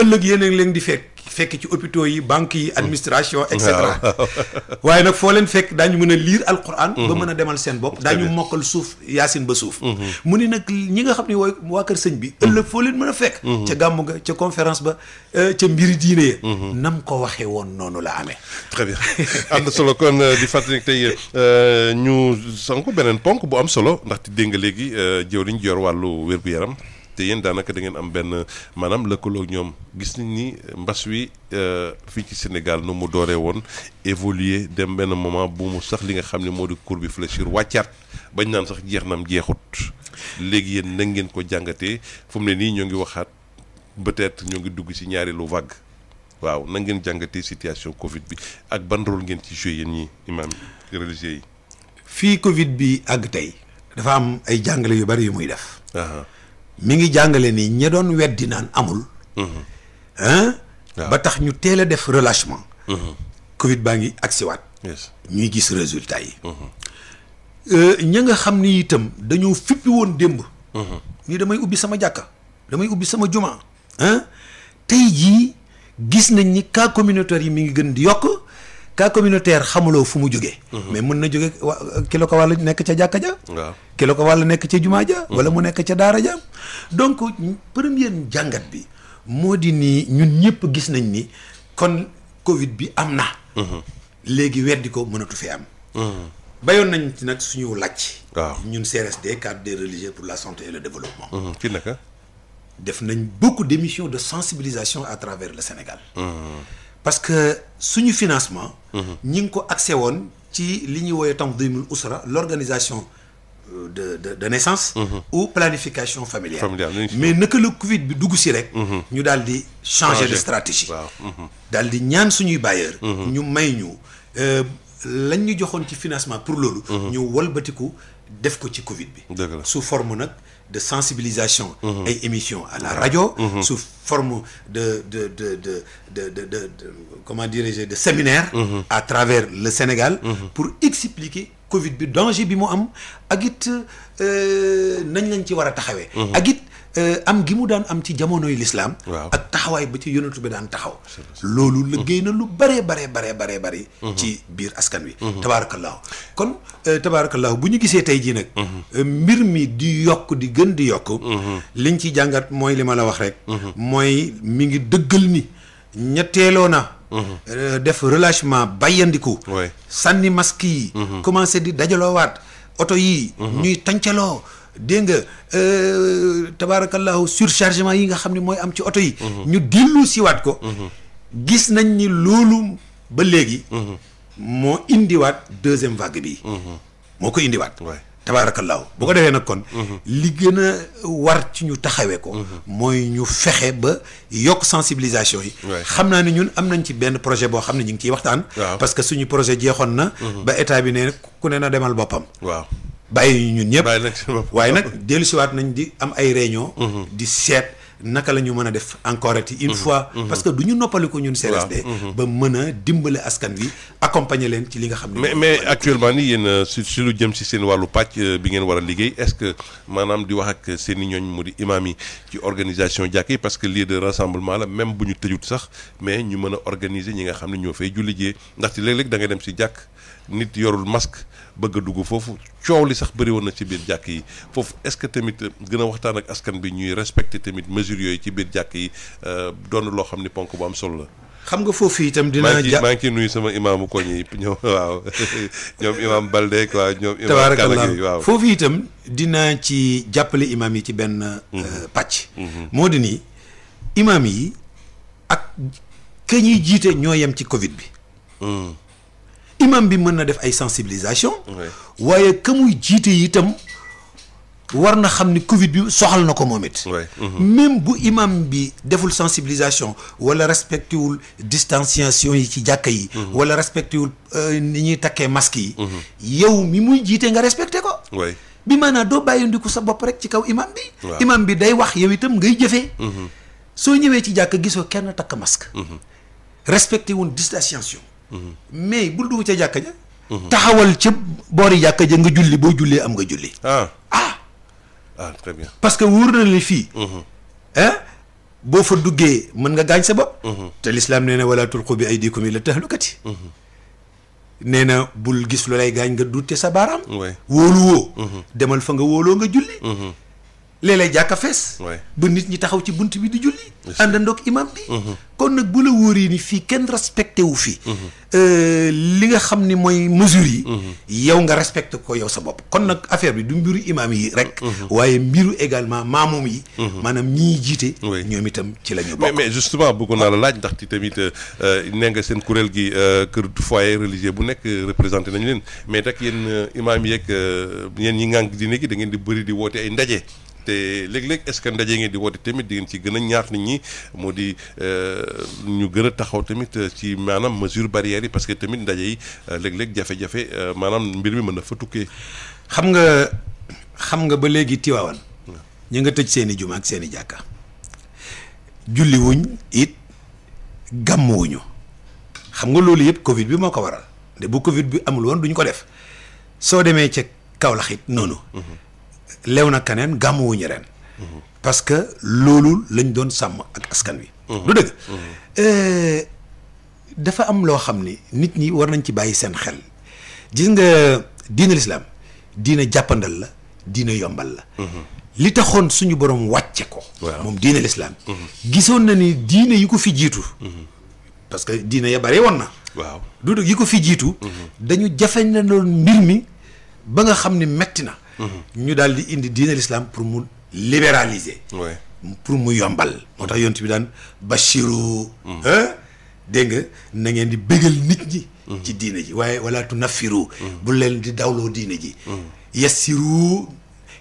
ëllëg yéen a ngi di fekk fekk ci hôpitaux yi banque yi administration et waaye nag foo leen fekk daañu mën a liir alquran ba mhm. mën a demal seen bopp daañu mokkal suuf yaasin ba suuf mhm. mu ni nag ñi nga xam ne wooy waa kër sëñ bi ëllëg mhm. foo leen mën a fekk ca gàmmu ga ca conférence ba euh, ca mbiri diine ya nam ko waxee woon noonu la amee très bien am na solo kon euh, di fàttali tey euh, ñu sanko beneen ponk bu am solo ndax ti dégg nga léegi jëw liñ yor wàllu wér-gu-yaram te yéen daanaka da ngeen am benn maanaam lëkkaloog ñoom gis nañ ni eh, mbas wi eh, fii ci Sénégal nu mu dooree woon évoluer dem benn moment bu mu sax li nga xam ne moo di courbe bi fléchir wàccaat bañ naan sax jeex nam jeexut léegi yéen na ngeen ko jàngatee fu ne nii ñoo ngi waxaat peut-être ñoo ngi dugg ci ñaareelu vague waaw na ngeen jàngatee situation Covid bi ak ban ngeen ci joué yéen ñi imaam religieux yi. fii Covid bi àgg tey dafa am ay jàngale yu bari yu mi ngi jàngale ni ña doon weddi naan amul. Mm-hmm. ba tax ñu teel a def relâchement. Mm-hmm. Covid baa ngi agsiwaat. ñuy gis résultat yi. Mm-hmm. Euh, ña nga xam ni itam dañoo fippi woon démb. ni damay ubbi sama jàkka damay ubbi sama juma. tey jii gis nañ ni cas communautaire yi mi ngi gën di yokk. cas communautaire xamuloo fu mu jógee mhm. mais mën na jóge kilo ki la ko wàll nekk ca jàkka ja kilo ko wàll nekk ca jumaa ja mhm. wala mu nekk ca daara ja donc première jàngat bi moo di nii ñun ñëpp gis nañ ni kon covid bi am na mhm. léegi weddi ko mënatu fi am bayoon nañ ci nag suñu laaj waaw ñun CRSD cadre des religieux pour la santé et le développement ci naka def nañ beaucoup d'émissions de sensibilisation à travers le Sénégal mmh. parce que suñu financement. Mhm. ñi ngi ko accès woon ci li ñuy woowee Tanzimul deux mille usra l'organisation euh, de de de naissance. Mhm. ou planification familiale. mais naka la Covid bi dugg si rek. Mhm. ñu daal di changer de stratégie. daal di ñaan suñuy bailleurs. ñu may ñu euh, lañ ñu joxoon ci financement pour loolu. ñu walbatiku def ko ci Covid bi. sous forme nag. de sensibilisation. ay mhm. émissions à la radio. Mhm. sous forme de de de de de de comment dirais-je de séminaire. Mhm. à travers le Sénégal. pour expliquer. Covid bi danger bi mu am ak euh, nañ lañ ci war a taxawee. Mhm. ak euh, am gi mu daan am ci jamonoy lislaam ak taxawaay ba ci yonatu bi daan taxaw. loolu liggéey na mhm. lu baree baree baree baree bari. Mhm. ci biir askan wi. tabaarakallaahu kon euh, tabaarakallaahu bu ñu gisee tey jii nag. mbir mi di yokk di gën di yokk. liñ ci jàngat mooy lima ma la wax rek. mooy mi ngi dëggal ni ñetteeloo Euh, def relâchement bàyyandiku. sànni masque yi. Mhm. commencé di dajaloowaat oto yi. Mhm. ñuy tàncaloo dégg nga euh, tabaarakallahu surchargement yi nga xam ne mooy am ci oto yi. Mhm. ñu dillu siwaat ko. gis nañ ni loolu ba léegi. moo indiwaat deuxième vague bi. moo ko indiwaat. tabaarakallaahu bu ko defee nag kon. Mhm. li gën a war ci ñu taxawee ko. Mhm. mooy ñu fexe ba yokk sensibilisation yi. xam naa ni ñun am nañ ci benn projet boo xam ne ñu ngi ciy waxtaan. parce que suñu projet jeexoon na. Mhm. ba état bi ne ku ne na demal boppam. waaw bàyyi ñun ñëpp. waaye nag dellusiwaat nañ di am ay réunion. di seet. naka la ñu mën a def encore ati une mhm. fois mhm. parce que du ñu noppaliku ñun CLSD mhm. ba mën a dimbale askan bi accompagner leen ci li nga xam ne mais mais actuellement ni yéen euh, su si lu jëm si seen wàllu pàcc euh, bi ngeen war a liggéey est-ce que maanaam di wax ak seeni i ñooñ mu di imaam yi ci organisation jàkk yi parce que lieu de rassemblement la même bu ñu tëjut sax mais ñu mën a organiser ñi nga xam ne ñoo fay julli jee ndaxte léeg-léeg da dem si jàkk nit yorul masque bëgg dugg foofu coow li sax bëri na ci biir jàkk yi foofu est-ce que tamit gën a waxtaan ak askan bi ñuy respecter tamit mesures yooyu ci biir jàkk yi euh, doon loo xam ni ponk bu am solo la. xam nga foofu itam dinaa ja maa ngi nuyu sama imaamu koñ yi ñoom waaw ñoom imaam Balde waaw waaw foofu itam dinaa ci jàppale imaam yi ci benn. Euh, mhm. pàcc. Mhm. moo di ni imaam yi ak ka ñuy jiite ñoo yem ci Covid bi. Mm. imam bi mën na def ay sensibilisation waaye ka muy jiite itam war na xam ni covid bi soxal na ko moom it mhm. même bu imam bi deful sensibilisation wala respecté wul distanciation yi ci jàkk yi mhm. wala respecté wul euh, ni ñuy takkee masque yi mhm. yow mi muy jiite nga respecté ko bi maanaam doo bàyyindiku sa bopp rek ci kaw imam bi imam bi day wax yow itam ngay jëfee soo ñëwee ci jàkk gisoo kenn takk masque respecté wul distanciation mais bul dugg ca jàkka ja mhm. taxawal ca boori jàkka ja nga julli boo jullee am nga julli ah ah, ah très parce que wóor na la fii ah boo fa duggee mën nga gaañ sa bopp mhm. te lislaam nee na wala tulqu bi aydikum ila tahlukati nee na bul gis lu lay gaañ nga dutte sa baaraam wóolu demal fa nga wóoloo nga julli léeg-léeg jàkka fees ba nit ñi taxaw ci bunt bi di julli àndandoog imam bi mhm. kon nag bu la wóoree ni fii kenn respecté wu fi mhm. euh, li nga xam ni mooy mesures yi mhm. yow nga respecté ko yow sa bopp kon nag affaire bi du mbiru imaam yi rek waaye mbiru également maamoom yi maanaam ñii jiite ñoom itam ci la ñu bokk mais justement bëggoon naa la laaj ndax ti tamit euh, euh, ne seen kuréel gi kër foyer religieux bu nekk représenté nañu leen mais rek yéen imaam yeeg yéen ñi ngànk diine gi da ngeen di bëri di woote ndaje te léeg-léeg est-ce que ndaje ngeen di woote tamit di ngeen ci gën a ñaax nit ñi moo di euh, ñu gën a taxaw tamit euh, ci maanaam mesure barrières yi parce que tamit ndaje yi euh, léeg-léeg jafe-jafe maanaam mbir mi mën na fa tukkee. xam nga xam nga ba léegi Tiwaawan ñu nga tëj seeni juma ak seeni jàkka. julli wuñ it wuñu xam nga loolu yëpp Covid bi moo ko waral. de bu Covid bi amul woon duñu ko def soo demee ca Kaolack noonu. Mm-hmm. lew na kaneen gàmmuwuñu ren. parce que loolu lañ doon sàmm ak askan wi. Mhm. du dëgg. Mhm. Euh, dafa am loo xam ni nit ñi war nañ ci bàyyi seen xel gis nga diina lislaam diina jàppandal la diina yombal la. Mhm. li taxoon suñu borom wàcce ko. moom diina lislaam gisoon na ni diina yi ko fi jiitu. parce que diina ya bare woon na. waaw du yi ko fi jiitu. dañu jafeñ na loon mbir mi ba nga xam ni metti na. ñu daal di indi diine l'islam pour mu libéraliser. pour mu yombal. moo tax yont bi daan Bachiru. Mm. dégg nga na ngeen di bégal nit ñi. Mm. ci diine ji waaye wala tu nafiru mm. bu leen di dawloo diina ji. yassiru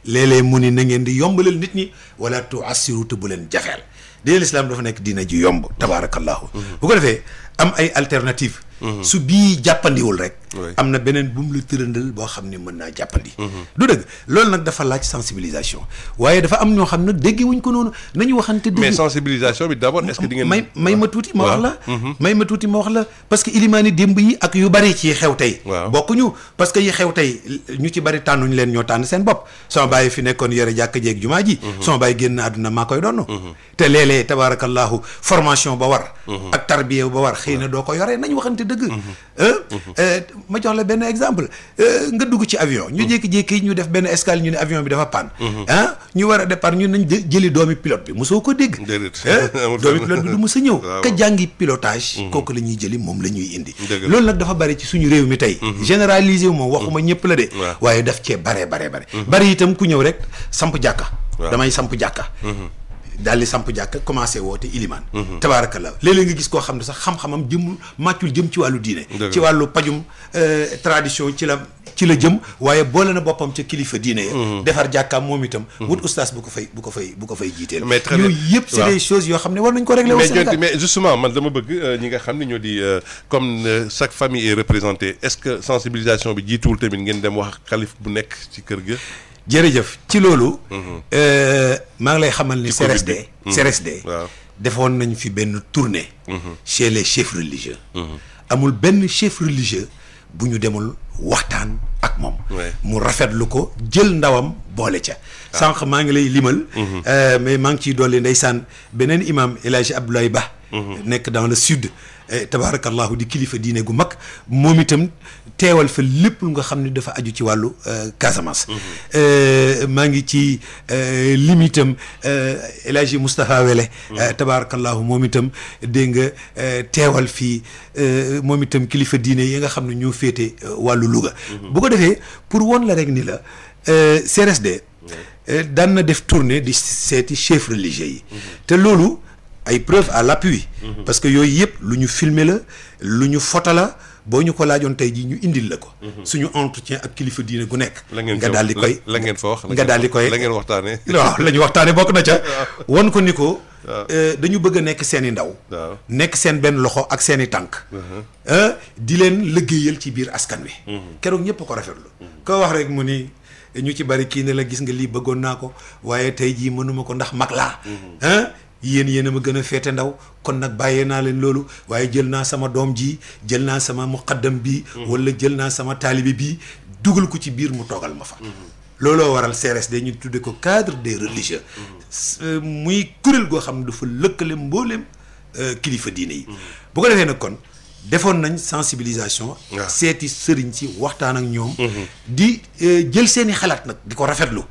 léeg-léeg mu ni na ngeen di yombalal nit ñi wala tu assiru te bu leen jafeel diine l'islam dafa nekk diina ji yomb. tabaarakallahu bu ko defee am ay alternative Mm-hmm. su bii jàppandiwul rek. am na beneen bu mu la tërëndal boo xam ne mën naa jàppandi. Mm-hmm. du dëgg loolu nag dafa laaj sensibilisation waaye dafa am ñoo xam ne déggee wuñ ko noonu nañu waxante. dëgg mais d' may may ma tuuti ma wax la. Mm-hmm. may ma tuuti ma wax la parce que ilimaani démb yi ak yu bari ci xew tey. bokkuñu parce yi xew tey ñu ci bari tànnuñu leen ñoo tànn seen bopp. sama baay fi nekkoon yore jàkka jeeg jumaa ji. sama baay génn àdduna maa koy donn te léeg-léeg formation ba dëgg. Euh, euh, ma jox la benn exemple euh, nga dugg ci avion. ñu jékki-jékki ñu def benn escale ñu ne avion bi dafa panne. ñu war a départ ñun nañ jëli doomi pilote bi soo ko dégg. doomi pilote bi du mos a ñëw. ka jàngi pilotage. Mhm. kooku la ñuy jëli moom la ñuy indi. loolu nag dafa bari ci suñu réew mi tey. Mhm. généraliser wu ma waxuma mhm. ñëpp la de. waaye daf cee bare bare bare. bari itam ku ñëw rek samp jàkka. damay samp jàkka. daal di samp jàkka commencé woote ilimaan mhm. tabaarakallaa léeg-léeg nga gis koo xam ne sax xam-xamam jëmul màccul jëm ci wàllu diine ci wàllu pajum euh, tradition ci la ci la jëm waaye boole na boppam ca kilifa diine ya mhm. defar jàkkaam moom itam mhm. wut ustaas bu ko fay bu ko fay bu ko fay jiiteel mais très yëpp c'est des yoo xam ne war nañ ko régler au Sénégal mais justement man dama bëgg euh, ñi nga xam ne ñoo di euh, comme chaque famille est représenté est-ce que sensibilisation bi jiituwul tamit ngeen dem wax xalif bu nekk ci kër ga jërëjëf ci loolu. Mhm. Euh, maa ngi lay xamal ni CRSD. CRSD mhm. defoon nañ fi benn tournée. Mhm. chez les chefs religieux. amul benn chef religieux bu ñu demul waxtaan ak moom. mu rafetlu ko jël ndawam boole ca. Ah. sànq maa ngi lay limal. Euh, mais maa ngi ciy dolli ndeysaan beneen imam El Hadj Ba. nekk dans le sud. tabaarakallahu di kilifa diine gu mag moom itam teewal fa lépp lu nga xam ne dafa aju ci wàllu euh, Casamance. Mm-hmm. Euh, maa ngi ci euh, limitam El Hadji Moustapha Wele. Mm-hmm. tabaarakallahu moom itam dégg nga teewal fii moom itam kilifa diine yi nga xam ne ñoo féete wàllu Louga. Mm-hmm. bu ko defee pour won la rek ni la CRSD. daan na def tournée di seeti chef religieux yi. te loolu ay preuve à l'appui. parce que yooyu yëpp lu ñu filmer la lu ñu foto boo ñu ko laajoon tey jii ñu indil la ko. Mhm. suñu entretien ak kilifa diine gu nekk. nga daal di koy la ngeen fa wax nga daal di koy la ngeen waxtaanee. waaw la ñu waxtaanee bokk na ca. won ko ni ko. Euh, dañu bëgg a nekk seen i ndaw. nekk seen benn loxo ak seen i tànk. Mhm. Euh, di leen liggéeyal ci biir askan wi. Mhm. keroog ñëpp ko rafetlu. koo wax rek mu ni. ñu ci bari kii ne la gis nga lii bëggoon naa ko waaye tey jii mënuma ko ndax mag laa. yéen yéen a ma gën a féete ndaw kon nag bàyyee naa leen loolu waaye jël naa sama doom ji jël naa sama muqaddam bi mm-hmm. wala jël naa sama taalibe bi dugal ko ci biir mu toogal ma fa mm-hmm. looloo waral CRSD ñu tudde ko cadre des religieux mm-hmm. euh, muy kuréel goo xam ne dafa lëkkale mbooleem euh, kilifa diine yi bu ko defee nag kon defoon nañ sensibilisation seeti sëriñ si waxtaan ak ñoom di euh, jël seeni xalaat nag di ko rafetlu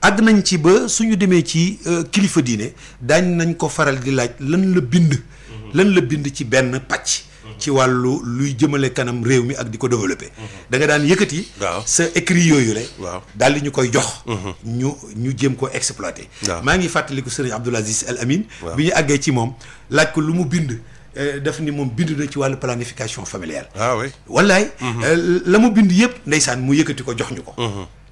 àgg nañ ci ba suñu demee ci euh, kilifa diine daan nañ ko faral di laaj lan la bind mhm. lan la bind ci benn pàcc mhm. ci wàllu luy jëmale kanam réew mi ak di ko développé mhm. da nga daan yëkkati sa écrit yooyu le waaw daal di ñu koy jox ñu ñu jéem ko exploité maa ngi fàttaliku sëriñ Abdoul Aziz Al Amin bi ñu àggee ci moom laaj ko lu mu bind euh, daf ni moom bind na ci wàllu planification familiale ah wallaay euh, la mu bind yëpp ndeysaan mu yëkkati ko jox ñu ko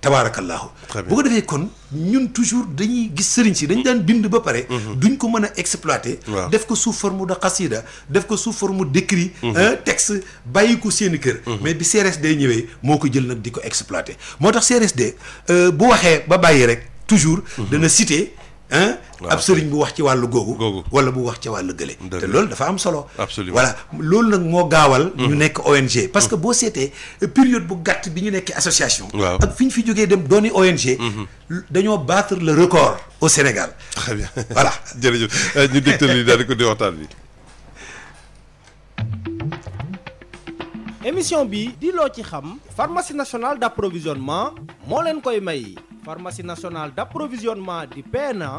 tabaarakallaahu bu ko defee kon ñun toujours dañuy gis sëriñ si dañ daan bind ba pare mhm. duñ ko mën a exploité def ko sous forme de xasida def ko sous forme d'écrit mhm. texte bàyyi ko seeni kër mhm. mais bi CRSD ñëwee moo ko jël nag di ko exploité moo tax CRSD euh, bu waxee ba bàyyi rek toujours dana cité ab sëriñ bu wax ci wàllu googu wala bu wax ci wàllu gële te loolu dafa am solo absolument voilà loolu nag moo gaawal ñu mm-hmm. nekk ONG parce que mm-hmm. boo seetee euh, période bu gàtt bi ñu nekkee association ak fi ñu fi jógee dem dooni ONG mm-hmm. dañoo battre la record au Sénégal très bien voilà jërëjëf euh, ñu dégtal yi daal di ko bi émission bi di loo ci xam pharmacie nationale d'approvisionnement moo leen koy may pharmacie nationale d'approvisionnement di PNA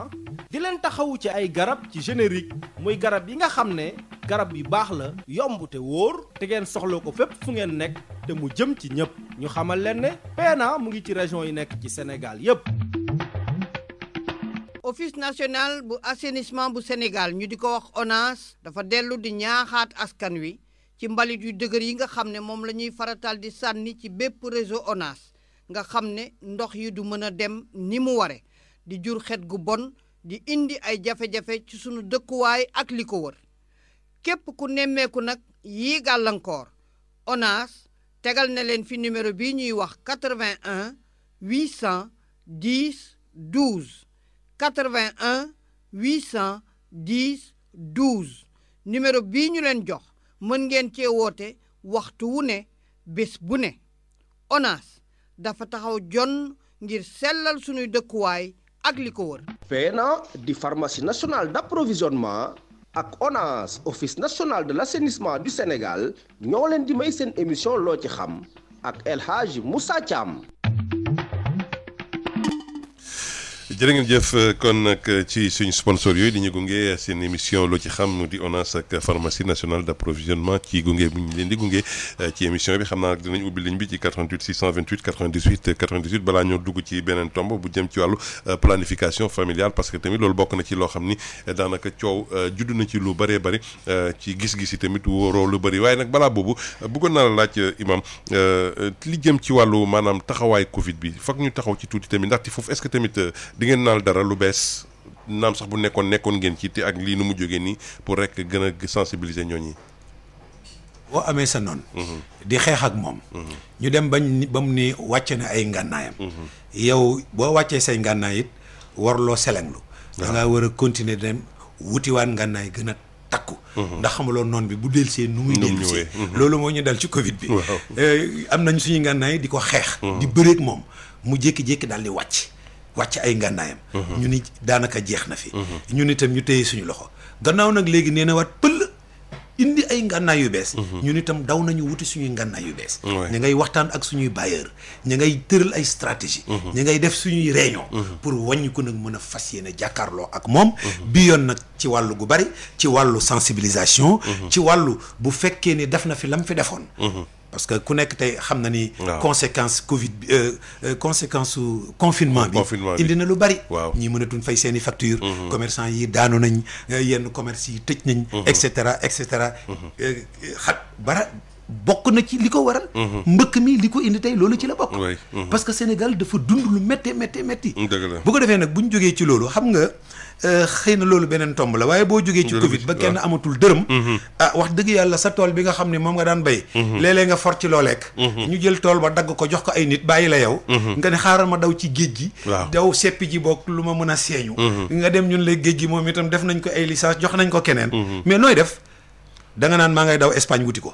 di leen taxawu ci ay garab ci générique muy garab yi nga xam ne garab yu baax la yomb te wóor te ngeen soxla ko fépp fu ngeen nekk te mu jëm ci ñépp ñu xamal leen ne PNA mu ngi ci région yi nekk ci Sénégal yépp office national bu assainissement bu Sénégal ñu di ko wax ONAS dafa dellu di ñaaxaat askan wi ci mbalit yu dëgër yi nga xam ne moom la ñuy faratal di sànni ci bépp réseau ONAS nga xam ne ndox yi du mën a dem ni mu ware di jur xet gu bon di indi ay jafe-jafe ci sunu dëkkuwaay ak li ko wër képp ku nemmeeku nag yi gàllankoor ONAS tegal na leen fi numéro bii ñuy wax 81 810 12 81 810 12 numéro bii ñu leen jox mën ngeen cee woote waxtu wu ne bés bu ne ONAS dafa taxaw jonn ngir sellal suñuy dëkkuwaay ak li ko wër. PNA di pharmacie nationale d'approvisionnement ak ONAS office national de la l'assainissement du Sénégal ñoo leen di may seen émission loo ci xam ak El Hadji Moussa Thiam. jërë ngeen jëf euh, kon nag euh, ci suñu sponsor yooyu di ñu gunge seen émission loo ci xam di ONAS ak pharmacie nationale d' ci gunge bu ñu leen di gunge euh, ci émission bi xam naa dinañ ubbi ligne bi ci 88 628 98 98 balaa ñoo dugg ci beneen tomb bu jëm ci wàllu planification familiale parce que tamit loolu bokk na ci loo xam ni daanaka coow judd na ci lu bëree bëri ci gis-gis yi tamit wóoroo lu bëri waaye nag balaa boobu bëggoon naa la laaj imam ci wàllu maanaam taxawaay Covid bi foog ñu taxaw ci tuuti tamit ndaxte foofu est di ngeen naal dara lu bees naam sax bu nekkoon nekkoon ngeen ci ak lii nu mu jógee nii pour rek gën a sensibiliser ñooñi. boo amee sa noonu. Mhm. di xeex moom. Mhm. ñu dem bañ ba mu ni wàcce na ay ngànnaayam. Mhm. yow boo wàccee say ngànnaay it warloo selenglu. Ah. da ngaa war a continuer dem wutiwaat ngànnaay gën a takku. ndax xamuloo noon bi bu delsee nu muy delsee loolu moo ñu dal ci Covid bi. Eh, am nañ suñu ngànnaay di ko xeex. di bëreeg moom mu jékki-jékki daal di wàcc. wàcc ay ngànnaayam mhm. ñu ni daanaka jeex na fi mhm. ñu ni itam ñu téye suñu loxo gannaaw nag léegi nee na waat pël indi ay ngànnaay yu bees mhm. ñun itam daw nañu wuti suñuy ngànnaay yu bees ñi ngay waxtaan ak suñuy bailleur ñu ngay tëral ay stratégie ñi ngay def suñuy réunion pour wàññi ko nag mën a fas yéene jàkkaarloo ak moom bi yoon nag ci wàllu gu bari ci wàllu sensibilisation ci wàllu bu fekkee ni def na fi lam fi defoon parce que ku nekk tey xam na ni. conséquence Covid euh, euh, conséquence su confinement bi. indi na lu bari. waaw ñii mënatuñ fay seen i facture mhm. commerçant yi daanu nañ euh, yenn commerce yi tëj nañ. Mhm. et cetera et cetera. Mhm. xat bara bokk na ci li ko waral. mbëkk mi li ko indi tey loolu ci la bokk. parce que Sénégal dafa dund lu méttee méttee métti. bu ko defee nag bu ñu jógee ci loolu xam nga. Euh, xëy na loolu beneen tomb la waaye boo jógee ci Covid ba kenn amatul dërëm mhm. ah wax dëgg yàlla sa tool bi nga xam ne moom nga daan bay mhm. léeg-léeg nga for ci loo lekk mhm. ñu jël tool ba dagg ko jox ko ay nit bàyyi la yow nga ne xaaral ma daw ci géej gi daw seppi ji bokk lu ma mën a seeñu nga dem ñun lay géej gi moom itam def nañ ko ay licence jox nañ ko keneen mais nooy def da nga naan maa ngay daw Espagne wuti ko.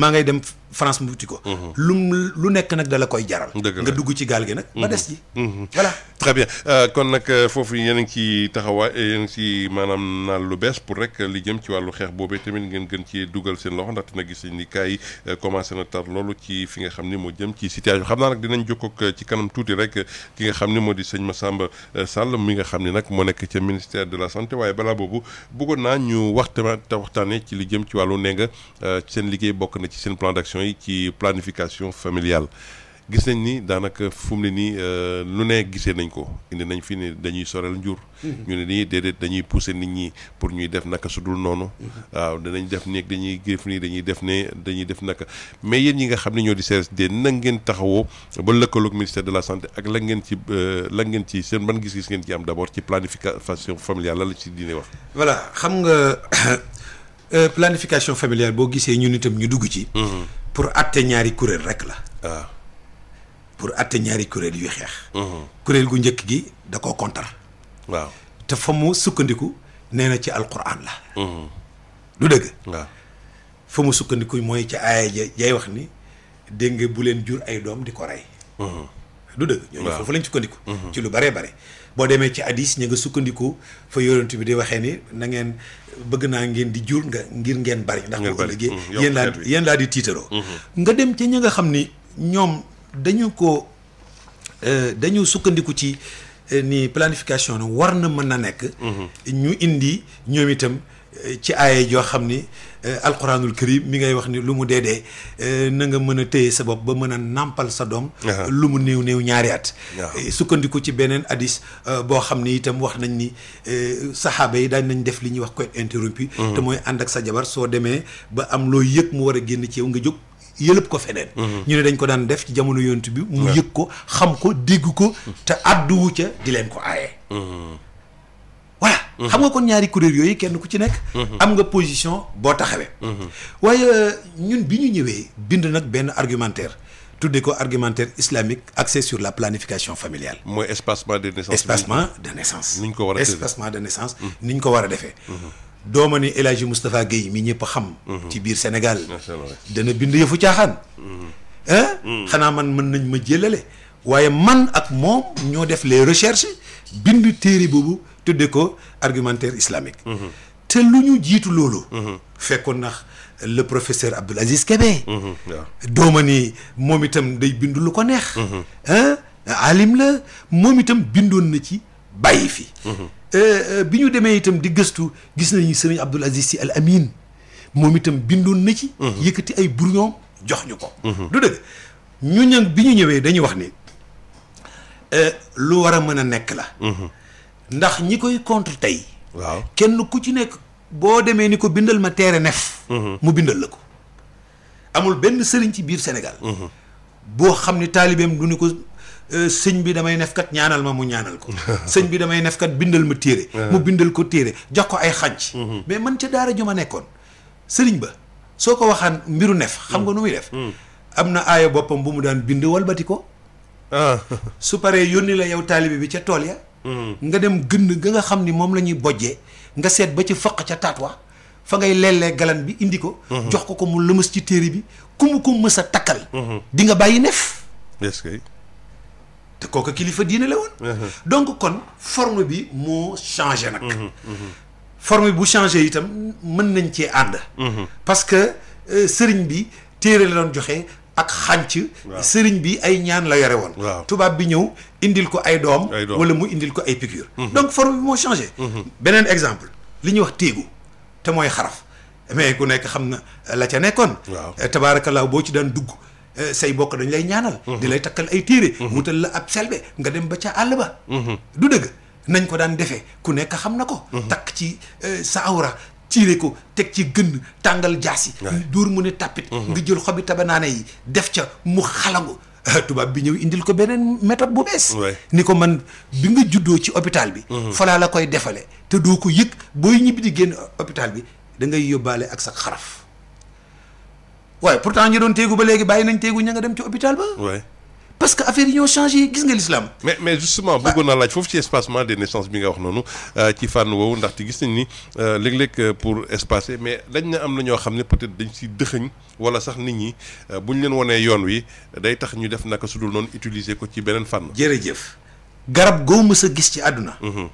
maa ngay dem France wuti ko. Mhm. lu lu nekk nag dala koy jaral. nga dugg ci gaal gi nag. ba des ji. Mhm. Mhm. voilà. très bien euh, kon nag euh, foofu yéen a ngi ciy taxawaay euh, yéen a ngi ciy maanaam naan lu bees pour rek li jëm ci wàllu xeex boobee tamit ngeen gën ci dugal seen loxo ndaxte nag gis nañ ni cas yi commencé na tar loolu ci fi nga xam ni moo jëm ci situation xam naa nag dinañ jokkoog ci kanam tuuti rek ki nga xam ni moo di sëñ Massamba Sall mi nga xam ni nag moo nekk ca ministère de la santé waaye balaa boobu bëggoon naa ñu waxtaan li jëm ci wàllu ne nga euh, seen liggéey bokk na ci seen plan d'action yi ci planification familiale gis nañ ni daanaka fu mu ne nii euh, lu ne gisee nañ ko indi nañ fi nii dañuy sorel njur. Mhm. ñu ne nii déedéet dañuy pousser nit ñi pour ñuy def naka su dul noonu. Mhm. waaw danañ def nii dañuy gëf nii dañuy def ne dañuy def naka mais yéen ñi nga xam ne ñoo di CSD na ngeen taxawoo ba lëkkaloog ministère de la santé ak la ngeen ci euh, la ngeen ci seen ban gis-gis ngeen ci am d'abord ci planification familiale la la ci diine wax. Euh, planification familiale boo gisee ñu ñun itam ñu dugg ci. Mm-hmm. pour àtte ñaari kuréel rek la. Ah. pour àtte ñaari kuréel yu xeex. Mm-hmm. kuréel gu njëkk gi da ko kontar. waaw te fa mu sukkandiku nee na ci alquran la. Mm-hmm. du dëgg. waaw fa mu sukkandiku mooy ca aaya ja jay wax ni dégg nga bu leen jur ay doom di ko rey. du dëgg. ñooñu foofu lañ sukkandiku. ci lu bare bare. boo demee ci hadis ña nga sukkandiku fa yonent bi di waxee ni na bëgg naa ngeen di jur nga ngir ngeen bari ndax bu ëllëgee mm-hmm. yéen laa yéen laa di tiitaroo mm-hmm. nga dem ci ñu nga xam ni ñoom dañu ko euh, dañu sukkandiku ci euh, ni planification war na mën na nekk mm-hmm. ñu indi ñoom itam euh, ci aaye joo xam ni Euh, alquranul karim mi ngay wax ni lu mu dee dee euh, na nga mën a téye sa bopp ba mën a nàmpal sa doom lu mu néew néew ñaari at euh, sukkandiku ci beneen hadis boo xam ni itam wax nañ ni saxaaba yi daañ nañ def li ñuy wax koy interrompu mhm. te mooy ànd ak sa jabar soo demee ba am looy yëg mu war a génn ci yow nga jóg yëlëb ko feneen mhm. ñu ne dañ ko daan def ci jamono yonent bi mu yëg ko xam ko dégg ko te àdduwu ca di leen ko aaye mhm. voilà mhm. xam nga kon ñaari kuréel yooyu kenn ku ci nekk mhm. am nga position boo taxawee mhm. waaye euh, ñun bi ñu ñëwee bind nag benn argumentaire tuddee ko argumentaire islamique axé sur la planification familiale mooy espacement de naissance espacement de naissance ni ñu ko war a espacement de naissance ni ñu ko war a defee dooma ni El Hadji Moustapha Guèye mi ñëpp xam ci biir Sénégal dana bind yëfu caaxaan xanaa man mën nañ ma jëlale waaye man ak moom ñoo def les recherche bind téere boobu tudde ko argumentaire islamique mhm. te lu ñu jiitu loolu mhm. fekkoon nax le professeur Abdoul Aziz Kébé mhm. dooma ni moom itam day bindu lu ko neex alim la moom itam bindoon na ci bàyyi fi euh, euh, bi ñu demee itam di gëstu gis nañu sëriñ Abdoul Aziz Sy Al Amin moom itam bindoon na ci yëkkati ay brouillon jox ñu ko du dëgg ñu ñëw bi ñu ñëwee dañuy wax ni euh, lu war a mën a nekk la ndax ñi koy contre tey. waaw kenn ku ci nekk boo demee ni ko bindal ma teere nef. Mhm. mu bindal la ko. amul benn sëriñ ci biir Sénégal. Mhm. boo xam ne taalibeem du ni ko euh, sëñ bi damay nefkat ñaanal ma mu ñaanal ko. sëñ bi damay nef bindal ma téere. mu bindal ko téere jox ko ay xànc. Mhm. mais man ca daara ju nekkoon sëriñ ba soo ko waxaan mbiru nef. xam nga nu muy def. Mm. Mm. am na aaya boppam bu mu daan bind walbati ko. Ah. su paree yónni la yow taalibe bi ca tool ya. nga dem gënd nga nga xam ni moom la ñuy bojjee nga seet ba ci faq ca taat wa fa ngay leellee galan bi indi ko mhm. jox ko ko mu lëmës ci téere bi ku mu ko a takkal mhm. di nga bàyyi nef est-ce que te kooka kilifa diine la woon mhm. donc kon forme bi moo changé nag forme bu changé itam mën nañ cee ànd parce euh, sëriñ bi téere la doon joxe ak xànc sëriñ bi ay ñaan la yore woon tubaab bi ñëw indil ko ay doom wala mu indil ko ay piqûre mhm. donc forme bi moo changé mhm. beneen exemple li ñuy wax téegu te mooy xaraf mais ku nekk xam na la ca nekkoon euh, tabaarakallah boo ci daan dugg euh, say bokk dañ lay ñaanal mhm. di lay takkal ay téere wutal la ab selbe nga dem ba ca àll ba du dëgg nañ ko daan defee ku nekk xam na ko takk ci euh, sa awra tiire ko teg ci gën tàngal jaas yi dóor mu ne tàppit mm-hmm. nga jël xobi tabanaane yi def ca mu xalangu tubaab bi ñëw indil ko beneen méthode bu bees ni ko man bi nga juddoo ci hôpital bi mm-hmm. falaa la koy defale te doo ko yëg booy ñibbi génn hôpital bi da ngay yóbbaale ak sa xaraf waaye pourtant ñu doon téegu ba léegi bàyyi nañ téegu ña nga dem ci hôpital ba parce que affaire yi ñoo changé gis nga l'islam mais mais justement bëggoon naa laaj foofu ci espacement des naissances bi nga wax noonu euh, ci fànn woowu ndaxte gis nañ ni euh, léeg-léeg euh, pour espacer mais dañ na am na ñoo xam ne peut-être dañ si dëxëñ wala sax nit ñi bu ñu leen wanee yoon wi day tax ñu def naka su dul noonu utiliser ko ci beneen fànn. jëf garab goo mës a gis ci àdduna. Mhm.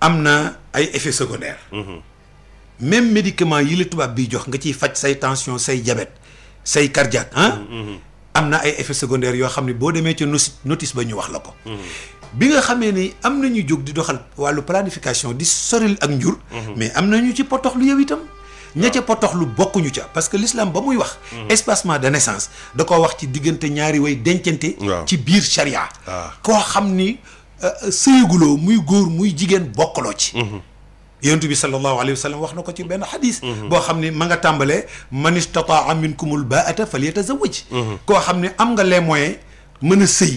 am na ay effets secondaires. Mhm. même médicament yi la tubaab biy jox nga ciy faj say tension say diabète say cardiaque ah. am na ay effet secondaires yoo xam ne boo demee ca notice ba ñu wax la ko. bi nga xamee ni am na ñu jóg di doxal wàllu planification di soril ak njur. Mhm. mais am na ñu ci potox lu yow itam. ña ca potox lu bokkuñu ca parce que l'islam ba muy wax. Mhm. espacement de naissance da ko wax ci diggante ñaari way dencante. ci biir charia. Ah. koo xam ni euh, sëyaguloo muy góor muy jigéen bokkaloo ci. Mhm. yonent bi sallallahu alayhi wa wax na ko ci benn xadis mhm. boo xam ne ma nga tàmbalee man istataa minkumul baata falyatazawaj mhm. koo xam ne am nga les moyens mën a sëy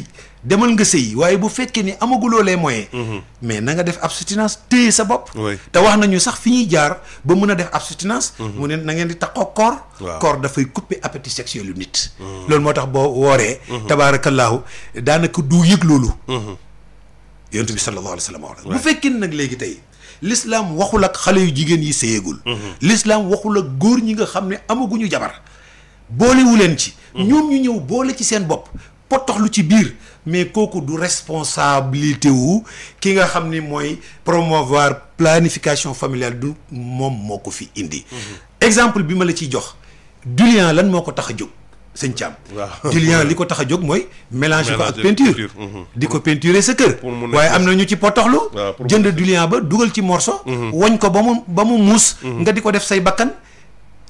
demal nga sëy waaye bu fekkee ni amaguloo les moyens mhm. mais na nga def abstinence téye sa bopp te wax nañu sax fi ñuy jaar ba mën a def abstinence mu ne nangeen ngeen di taqoo koor koor dafay couper appétit sexuel yu nit loolu moo tax boo wooree tabaarakallaahu daanaka du yëg loolu yonent bi sallallahu alayhi wa sallam bu nag léegi tey lislaam waxul ak xale yu jigéen yi séyegul mhm. lislaam waxul ak góor ñi nga xam ne amaguñu jabar boolewu leen ci mhm. ñoom ñu ñëw boole ci seen bopp potox lu ci biir mais kooku du responsabilité wu ki nga xam ni mooy promovoir planification familiale du moom moo ko fi indi mhm. exemple bi ma la ciy jox Dulian lan moo ko tax a jóg sëñ Thiam. waaw Julien li ko tax a jóg mooy. mélange ko ak peinture. Mhm. di ko peinturer sa kër. waaye am na ñu ci potoxlu. jënd Julien ba dugal ci morceau. Mhm. wañ ko ba mu ba mu muus. Mhm. nga di ko def say bakkan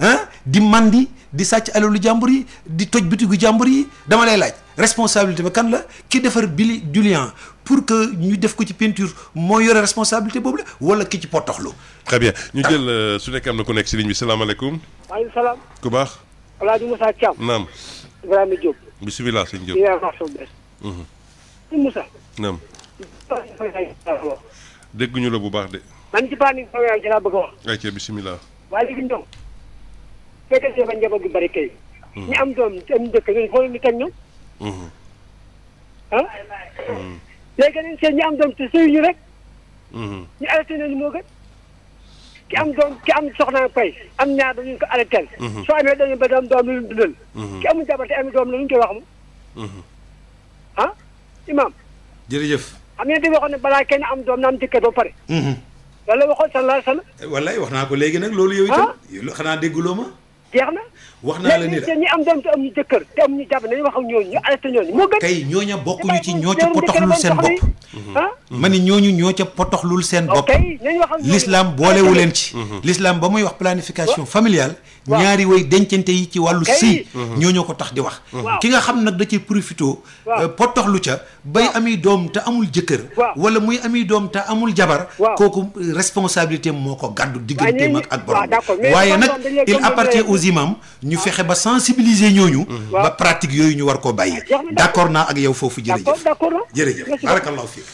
ah di mandi di sàcc lu jàmbur yi di toj bitigu jàmbur yi dama lay laaj responsabilité ba kan la ki defar bili Julien pour que ñu def ko ci peinture moo yore responsabilité boobu la wala ki ci potoxlu. très bien ñu jël euh, su nekkee am na ku nekk si ligne bi salaamaaleykum. salaam. ku El Hadj Moussa Thiam. naam. Ibrahima Diop. bisimilah sëñ Diop. Moussa. Mhm. naam. dégguñu la bu baax de. man ci bànn yi ci laa bëgg a wax. ayca bisimilah. waaye léegi ñoom. si mhm. am doom ci am dëkk ñoom xoolal ñu teg ñoom. Mhm. ah. léegi seen ñi am doom te sëyuñu rek. ñu arrêté nañu moo gën. ki am doom ki am soxna koy am ñaar ba ñu ko arrêté mhm. soo amee dañu ba doom doom lu ñu dundal mhm. ki amul jabar te am doom la ñu koy wax mu mhm. ah imaam jërëjëf xam ngeen di ne balaa kenn am doom na am jëkkër ba pare loolu la waxoon sallallahu alayhi wa sallam eh, wallaay wax naa ko léegi nag loolu yow itam ah. xanaa dégguloo ma jeex na wax naa la ni la ñi am doom am ñu jëkkër te am ñu jabar nañu wax ak ñooñu ñu arrêté ñooñu moo gën tey ñooña bokkuñu ci ñoo ca potoxlul seen bopp ah? mm-hmm. ma ni ñooñu ñoo ca potoxlul seen bopp l'islam boolewu leen ci mm-hmm. lislaam ba muy wax planification familiale ñaari way dencante yi ci wàllu sëy mhm. ñoo ñoo ko tax di wax mhm. ki nga xam nag da ci profité euh, potoxlu ca bay ami doom te amul jëkkër wala muy ami doom te amul jabar kooku responsabilité moo ko gàddu digganteem ak ak borom waaye nag il appartient aux imams ñu ah. fexe ba sensibiliser ñooñu ba pratique yooyu ñu war koo bàyyi d'accord naa ak yow foofu jërëjëf jërëjëf barakallahu fiik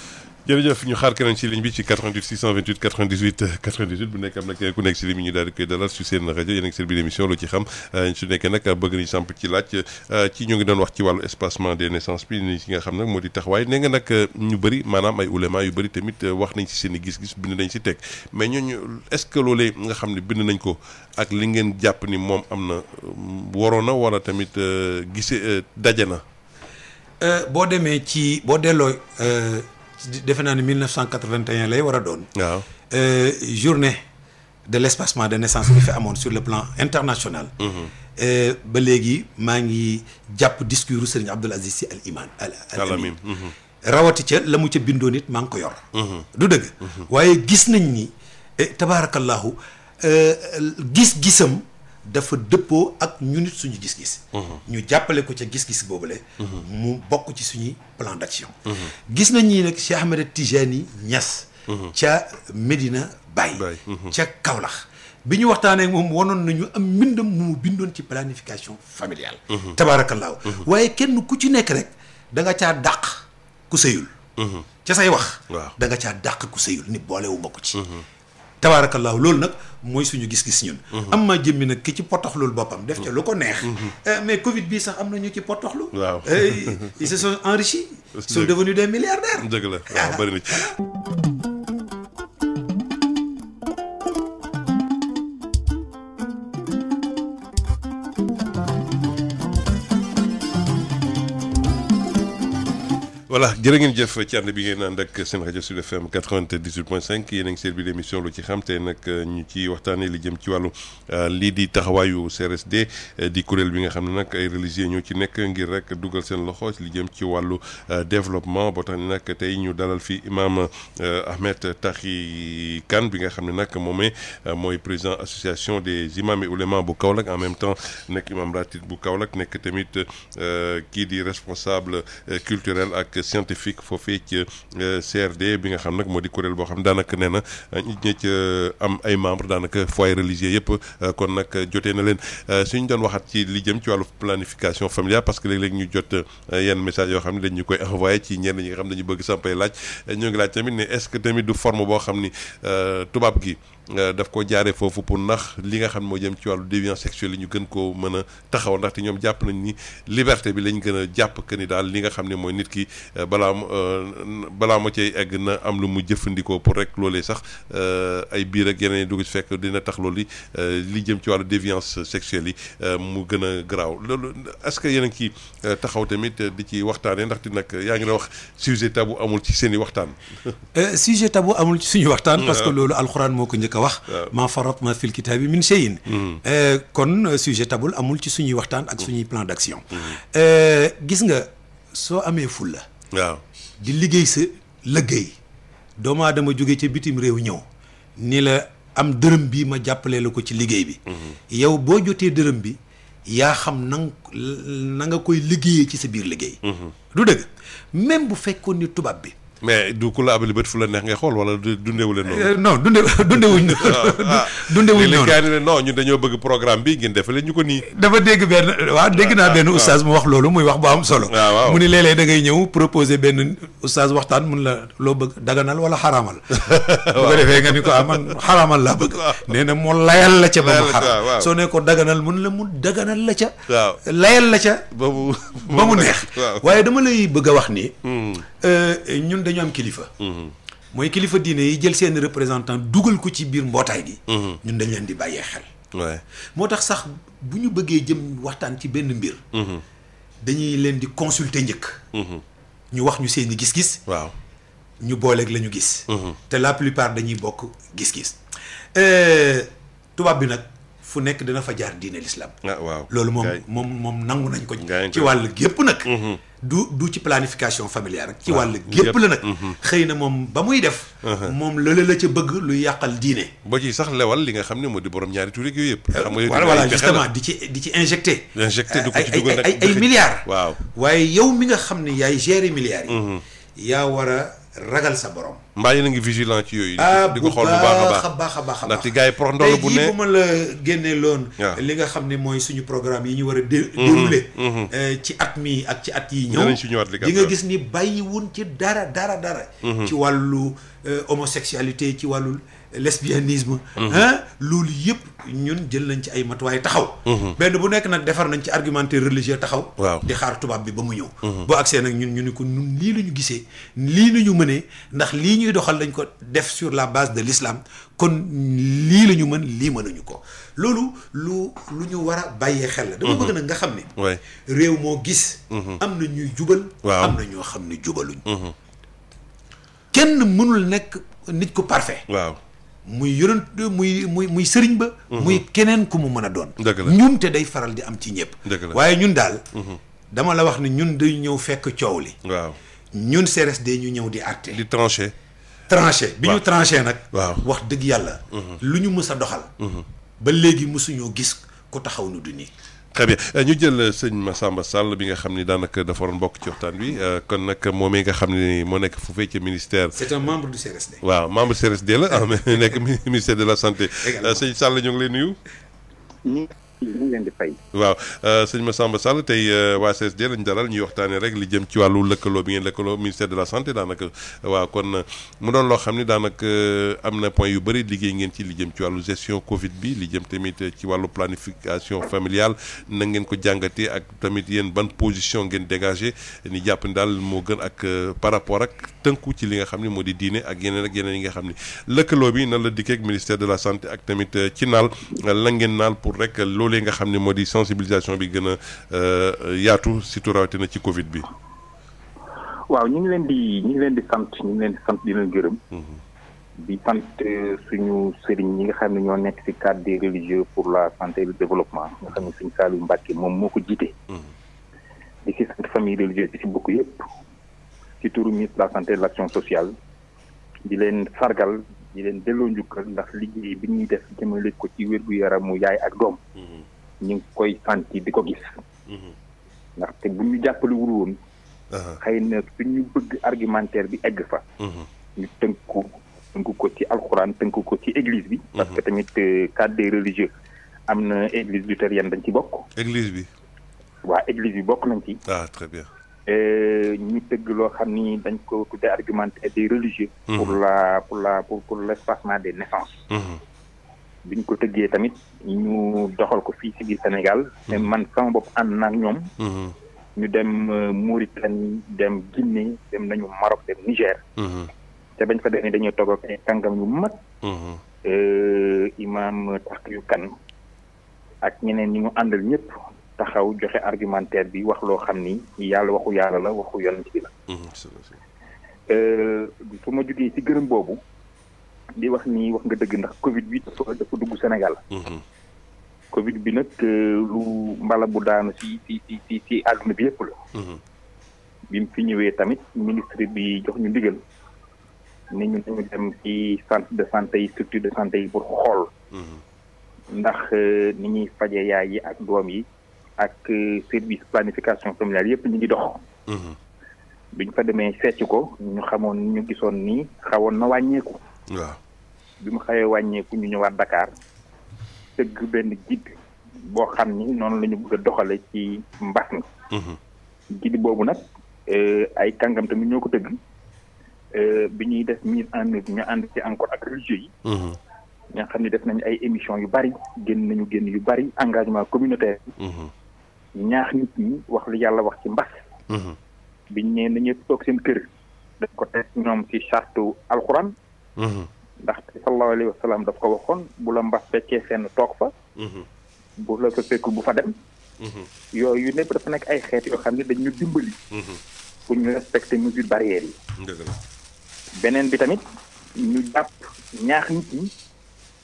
jërëjëf ñu xaar keneen ci ligne bi ci 88 628 98 98 bu nekk am na ku nekk ci bi ñu daal di koy dalal su seen rajo yéen ngi seen biir émission lu ci xam euh, su euh, ngi doon wax ci wàllu espacement des naissances bi ni ci nga xam nag moo di taxawaay nee nga nag euh, ñu bëri maanaam ay ulema yu bëri tamit wax nañ ci seen i gis-gis bind nañ ci teg mais ñooñu est-ce que loolee nga xam ne bind nañ ko ak li ngeen jàpp ni moom am na waroon na wala tamit gisee daje na. boo demee ci boo delloo. defe naa ne 1981 lay war a doon. waaw euh, journée de l' espacement de naissance bi fi amoon sur le plan international. Mhm. Euh, ba léegi maa ngi jàpp discours Serigne Abdoul Aziz Sy Al Iman Al Amin mhm. rawati ca la mu ca bindoo nit maa ngi ko yor. Mhm. du dëgg. waaye gis nañ ni eh, tabaarakallaahu euh, gis-gisam. dafa dëppoo ak ñu nit suñu gis-gis. Mhm. ñu jàppale ko ca gis-gis boobu boobule. Mhm. mu bokk ci suñuy plan d'action. Mhm. gis nañ ni nag Cheikh Ahmed Tijani Niass. ca Medina Baye. ca Kaolack. bi ñu waxtaanee moom wanoon nañu am mbindam mu mu bindoon ci planification familiale. tabaarakallaahu. waaye kenn ku ci nekk rek da nga caa dàq ku sëyul. ca say wax. waaw da nga caa dàq ku sëyul ni boolewuma ko ci. tabaarakallaahu loolu nag mooy suñu gis-gis ñun mhm. am maa jëmmi nag ki ci potoxlul boppam def ca mhm. lu ko neex mhm. euh, mais covid bii sax am na ñu ci potoxlu waaw euh, ils se sont enrichis sont devenus de milliardaires dëgg la waaw bëri na ci voilà jërë ngeen jëf ci ànd bi ngeen ànd ak seen rajo Sud FM 98.5 yéen a ngi seen bi l'émission lu ci xam te nag euh, ñu ci waxtaanee li jëm ci wàllu euh, lii di taxawaayu CRSD euh, di kuréel bi nga xam ne nag ay religieux ci nekk ngir rek dugal seen loxo li jëm ci wàllu développement boo tax ne nag tey ñu dalal fi imam Ahmed Tahi Kane bi nga xam ne nag moomee mooy président association des imams et oulémas bu Kaolack en même temps nekk imam ratib bu kaw Kaolack nekk tamit kii di responsable culturel ak. scientifique foofee ci euh, CRD bi nga xam nag moo di kuréel boo xam ne daanaka nee na euh, ñi ci euh, am ay membre daanaka foyer religieux yëpp kon nag jotee na leen suñu doon waxaat ci li jëm ci wàllu planification familiale parce que léeg-léeg ñu jot yenn message yoo xam ne dañ ñu koy envoyé ci ñenn ñi nga xam dañu bëgg sampay laaj ñoo ngi laaj tamit ne est-ce que tamit du forme boo xam ni tubaab gi Euh, daf ko jaaree foofu pour ndax li nga xam moo jëm ci wàllu déviance sexuelle yi ñu gën koo mën a taxaw ndaxte ñoom jàpp nañ ni liberté bi lañ gën a jàpp que ni daal li nga xam ne mooy nit ki euh, balaa euh, balaa ma cay egg na am lu mu jëfandikoo pour rek loolee sax ay biir ak yeneen dugg ci fekk dina tax loolu li jëm ci wàllu déviance sexuelle yi mu gën a garaaw loolu est-ce que yéen a taxaw tamit di ci waxtaanee ndax ndaxte nag yaa ngi la wax sujet tabou amul ci seen i waxtaan. sujet tabou amul waxtaan. loolu alxuraan moo njëkk a wax maa faratna fil kitaabi min shay'in hmm. eh, kon euh, sujet tabul amul ci suñuy waxtaan ak hmm. suñuy plan d'action hmm. eh, gis nga soo amee fulla waaw di liggéey sa liggéey doomu aadama jóge ca bitim réew ñëw ni la am dërëm bi ma jàppalee la ko ci liggéey bi yow boo jotee dërëm bi yaa xam na na nga koy liggéeyee ci sa biir liggéey du dëgg même bu fekkoon ni tubaab bi mais du ku la abali bët fu la neex ngay xool wala dundewu leen noonu. Eh, non dunde dundewuñ. ah, ah. dundewuñ noonu léegi ne dañoo bëgg programme bi ngeen defalee ñu ko nii. dafa dégg benn waaw dégg naa benn ah, ah. oustaz mu wax loolu muy wax bu am solo. mu ni léeg-léeg da ngay ñëw proposer benn oustaz waxtaan mun la loo bëgg daganal wala xaraamal. bu ko defee nga ni ko ah man laa bëgg. nee na moo layal la ca ba mu xaraam soo ne ko daganal mun la mu daganal la ca. layal la ca. ba mu neex waaye dama lay bëgg a wax nii hmm. Euh, ñun dañu am kilifa. Mhm. mooy kilifa diine yi jël seen représentant dugal ko ci biir mbootaay gi. Mhm. ñun dañ leen di bàyyee xel. moo tax sax bu ñu bëggee jëm waxtaan ci benn mbir. Mhm. dañuy leen di consulter njëkk. ñu wax ñu seen i gis-gis. waaw ñu booleeg gis. te la dañuy bokk gis-gis. Euh, tubaab bi nag fu nekk dana fa jaar diine l'islam. Ah, waaw loolu moom moom moom nangu nañ ko. ci wàll gépp nag. du du ci planification familiale rek. ci wàll gépp la nag. Mhm. xëy na moom ba muy def. Uh-huh. moom lële la ca bëgg lu yàqal diine. boo ci sax la lewal li nga xam ne moo di borom ñaari tu ak yooyu yëpp. xam nga voilà justement di ci di ci injecté. injecté du ci dugal nag ay ay milliards. waaw waaye yow mi nga xam ne yaay ger milliards yi. Mhm. yaa war a ragal sa borom. mbaa yéen a ngi vigilant yooyu. Ah, di ko xool bu baax a baax a baax ndaxte gars yi prox ndox bu bu ma la génnee loon. li nga xam ni mooy suñu programme yi ñu war a. Mm-hmm. déroulé. Mm-hmm. Euh, ci at mi ak ci at yi ñëw di nga gis ni bàyyiwun ci dara dara dara. Mm-hmm. ci wàllu euh, homosexualité ci wàllu lesbianisme. loolu yëpp ñun jël nañ ci ay matuwaay taxaw. benn bu nekk nag defar nañ ci argumentaire religieux taxaw. di xaar tubaab bi ba mu ñëw. boo agsee nag ñun ñu ni ko lii la ñu ñuy doxal lañ ko def sur la base de l'islam kon lii la ñu mën lii mënuñu ko loolu lu lu ñu war a bàyyee xel la. dama mhm. bëgg nag nga xam ne. réew moo gis. Mhm. am na ñuy jubal. waaw am na ñoo xam ne jubaluñ. Mhm. kenn mënul nekk nit ko parfait. waaw muy yonent muy muy muy sëriñ ba. muy keneen ku mu mën a doon. ñum te day faral di am ci ñëpp. waaye ñun daal. dama la wax ne ñun day ñëw fekk coow li. waaw ñun CRSD ñu ñëw di àtte. di tranché. tranché bi ñu tranché nag. waaw wax dëgg yàlla. Mm-hmm. lu ñu mës a doxal. Mm-hmm. ba léegi mësuñoo gis ku taxaw nu du nii. très bien euh, ñu jël euh, sëñ Massamba Sall bi nga xam ni daanaka dafa waroon bokk ci waxtaan bi euh, kon nag moomee nga xam ne moo nekk foofee ci ministère. membre du CRSD. waaw membre CRSD la ah mais nekk ministère de la santé. sëñ Sall ñu ngi lay nuyu. kii mu ngi leen di fay. waaw euh, sëñ Massamba Sall tey euh, waa CSD lañ dalal ñuy waxtaanee rek li jëm ci wàllu lëkkaloo bi ngeen lëkkaloo ministère de la santé daanaka waa kon mu doon loo xam ni daanaka euh, am na point yu bëri liggéey ngeen ci li jëm ci wàllu gestion Covid bi li jëm tamit ci wàllu planification familiale na ngeen ko jàngatee ak tamit yéen ban position ngeen dégagé ni jàpp ni daal moo gën ak par rapport ak tënku ci li nga xam ni moo di diine ak yeneen ak yeneen yi nga xam ni lëkkaloo bi nan la dikkee ak ministère de la santé ak tamit ci naal la ngeen naal loolee nga xam ne moo di sensibilisation bi gën a euh, yaatu surtout rawatina ci Covid bi. waaw ñu ngi leen di ñu ngi leen di sant ñu leen di sant di leen gërëm. Mm-hmm. di sant euh, suñu sëriñ ñi nga xam ne ñoo nekk ci cadre des religieux pour la santé et développement nga xam ne suñu Saliou Mbacké moom moo ko jiite. Mm-hmm. di ci sant famille religieuse bi ci bokk yëpp. ci turu ministre la santé de l'action sociale. di leen sargal di leen delloo njukkal ndax liggéey bi ñuy def jëmale ko ci yaram yaramu yaay ak doom mm-hmm. ñu ngi koy santi di ko gis mm-hmm. ndaxte bu ñu jàppale wul woon uh-huh. xëy na ñu bëgg argumentaire bi egg fa mm-hmm. ñu tënku tënku ko ci alxuraan tënku ko ci église bi parce que tamit euh, cadre religieux am na église luthérienne dañ ci bokk église bi waa église bi bokk nañ ci ah très bien Euh, ñu tëgg loo xam ni dañ ko tuddee argumentaire des religieux. Mhm. pour la pour la pour pour l' espacement des naissances. Mhm. ko tëggee tamit ñu doxal ko fii ci biir Sénégal. te mhm. man sama bopp ànd naa ak ñoom. ñu dem euh, Mauritanie dem Guinée dem nañu Maroc dem Niger. te bañ fa demee dañuy toog ak ay yu mag. Euh, imaam Tarkiyu Kan ak ñeneen ñi mu àndal ñëpp taxaw joxe argumentaire bi wax loo xam ni yàlla waxu yàlla la waxu yonent bi la. Mhm, euh, su ma jógee ci gërëm boobu di wax ni wax nga dëgg ndax Covid bi dafa dafa dugg Sénégal. Mhm. Covid bi nag euh, lu mbala bu daanu ci ci ci ci àdduna bi yëpp la. Mhm. bi mu fi ñëwee tamit ministre bi jox ñu ndigal ni ñu dañu dem ci centre de santé yi structure de santé yi pour xool. ndax euh, ni ñuy faje yaay yi ak doom yi. ak euh, service planification familiale yëpp ñu ngi dox. Mhm. bi ñu fa demee seetsi ko ñu xamoon ñu gisoon ni xawoon na wàññeeku. waaw bi mu xawee wàññeeku ñu ñëwaat Dakar tëgg benn guide boo xam ni noonu lañu ñu bëgg a doxale ci mbas mi. Mhm. guide boobu nag euh, ay kàngam tamit ñoo ko tëgg euh, bi ñuy def mise en œuvre ñu ànd ci encore ak religieux yi. ñoo mhm. xam ni def nañu ay émission yu bari génn nañu génn yu bari engagement communautaire. ñaax nit ñi wax lu yàlla wax ci mbas. Mhm. biñ ne nañu toog seen kër. daf ko teg ñoom ci sartu alxuraan. Mhm. ndaxte sallallahu alayhi wa daf ko waxoon bu la mbas fekkee fenn toog fa. Mhm. bu la fa fekk bu fa dem. yooyu lépp dafa nekk ay xeet yoo xam ne dañ dañu dimbali. pour ñu respecter mesures barrières yi. beneen bi tamit ñu jàpp ñaax nit ñi.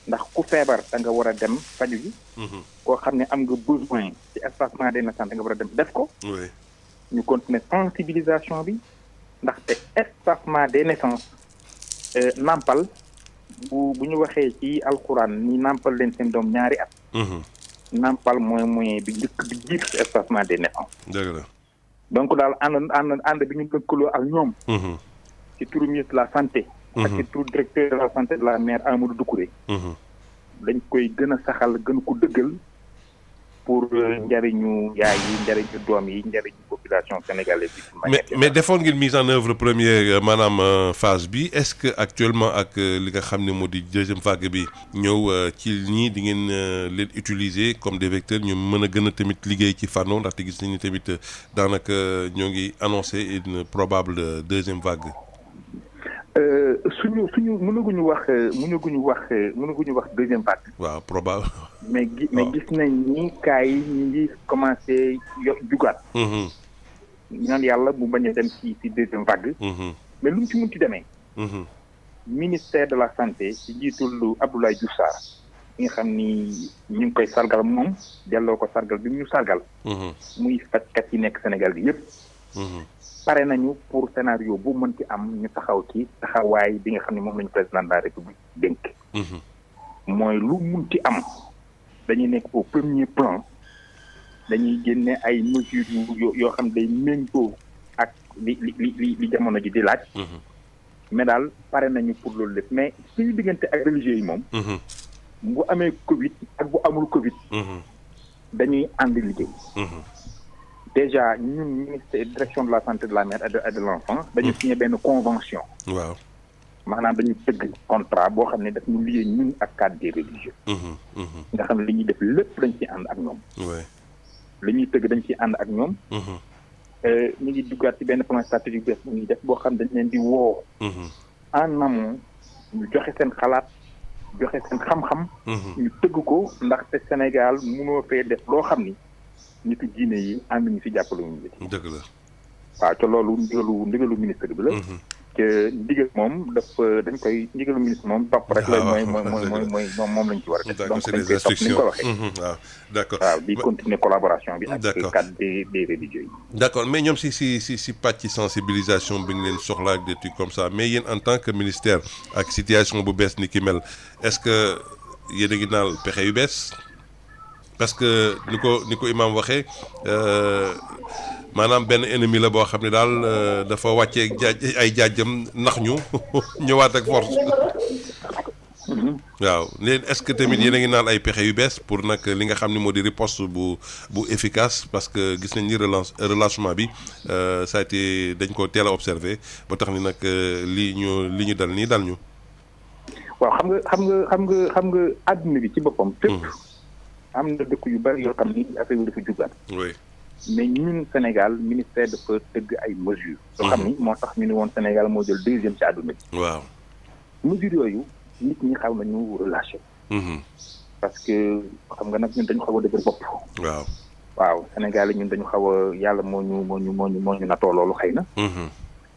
ndax ku feebar da nga war a dem faju ji mhm. koo xam ne am nga besoin ci espacement des naissances da nga war a dem def ko ñu continuer sensibilisation bi ndaxte espacement de naissances euh, nàmpal bu bu ñu waxee ci alxuraan ni nàmpal leen seen doom ñaari at mhm. nàmpal mooy moyen bi njëkk bi jiitu ci espacement des naissances donc daal ànd ànd ànd bi ñu lëkkaloo ak ñoom mhm. ci turu ministre de la santé Mm-hmm. ak ci tout directeur la santé de la mère Amadou mm-hmm. dañ koy gën a saxal gën ko dëggal pour euh, njariñu yaay yi njariñu doom yi mais mais defoon ngeen mise en œuvre première euh, maanaam euh, phase bi est-ce que actuellement ak li nga xam ne moo di deuxième vague bi ñëw ci ñii di ngeen leen utiliser comme des vecteurs ñu mën a gën a tamit liggéey ci fànn ndaxte gis nañu tamit daanaka ñoo ngi annoncer une probable deuxième vague. Euh, suñu suñu mënaguñu wax euh, mënaguñu wax euh, mënaguñu wax deuxième partie. waaw probable. mais gi mais gis nañ ni cas yi ñu ngi commencé yo jugaat. Mm-hmm. ñaan yàlla mu bañ a dem ci ci deuxième vague. Mm-hmm. mais lu mu ci mën ci demee. Mm-hmm. ministère de la santé ci jiitul lu Diouf Sarr nga xam ni ñu ngi koy sargal moom delloo ko sargal bi mu ñu sargal. muy fajkat yi nekk Sénégal bi yëpp. pare nañu pour scénario bu mën ci am ñu taxaw ci taxawaay bi nga xam ne moom lañu président de la république dénk. Mhm. mooy lu mun ci am dañuy nekk au premier plan dañuy génne ay mesures yu yoo xam day méngoo ak li li li li jamono ji di laaj. Mhm. mais daal pare nañu pour loolu lépp mais suñu diggante ak religieux yi moom. Mhm. bu amee Covid ak bu amul Covid. dañuy ànd liggéey. déjà ñun ministère direction de la santé de la mère et de et de l'enfant dañu mm. signé benn convention. waaw maanaam dañu tëgg contrat boo xam ne daf ñu lié ñun ak cadre des religieux. Mm-hmm, mm-hmm. nga xam ne li ñuy def lépp dañ ci ànd ak ñoom. ñuy tëgg dañ ci ànd ak ñoom. Mm-hmm. Euh, ñu ngi duggaat ci benn plan stratégique bu ñuy def boo xam dañ leen di woo. en amont ñu joxe seen xalaat joxe seen xam-xam. ñu tëgg ko ndaxte Sénégal mënoo fee def loo xam ni. nitu diine yi ñu si jàppale wuñ la ci. dëgg la. waaw te loolu ndigalu ndigalu ministre bi la. Mhm. te ndigal moom dafa dañ koy ndigalu ministre moom topp rek. waaw mooy mooy mooy mooy moom lañ ci war a def. donc dañ koy ko waxee. Mhm, waaw bi. ak les cadres des ñoom si si si si pàcc sensibilisation bi ñu leen soxla ak des comme ça mais yéen en tant que ministère ak situation bu bees ni ki mel est ce que yéen a ngi pexe yu bees. parce que ni ko ni ko imaam waxee euh, maanaam benn ennemi la boo xam ne daal euh, dafa wàcceek jaaj ay jaajam nax ñu ñëwaat ak force. Mm-hmm. waaw léegi est-ce que tamit yéen ngi naan ay pexe yu bees pour nag li nga xam ne moo di riposte bu bu efficace parce que gis nañ ni relance bi euh, ça a été dañ ko teel a observé ba tax ni nag li ñu li ñu dal nii dal ñu. waaw xam nga xam nga xam nga xam nga àdduna bi ci boppam. Mm-hmm. fépp. am na dëkk yu bari yoo xam ni affaire yi dafa jublaat. oui mais ñun Sénégal ministère dafa tëgg ay mesures. yoo xam ni mhm. moo tax ñu ne woon Sénégal moo jël deuxième ci àdduna bi. waaw mesures yooyu nit ñi xaw nañu relâché. Mhm. parce que xam nga nag ñun dañu xaw a dëgër bopp. waaw waaw Sénégal ñun dañu xaw a yàlla moo ñu moo ñu moo ñu moo ñu natoo loolu xëy na. Mhm.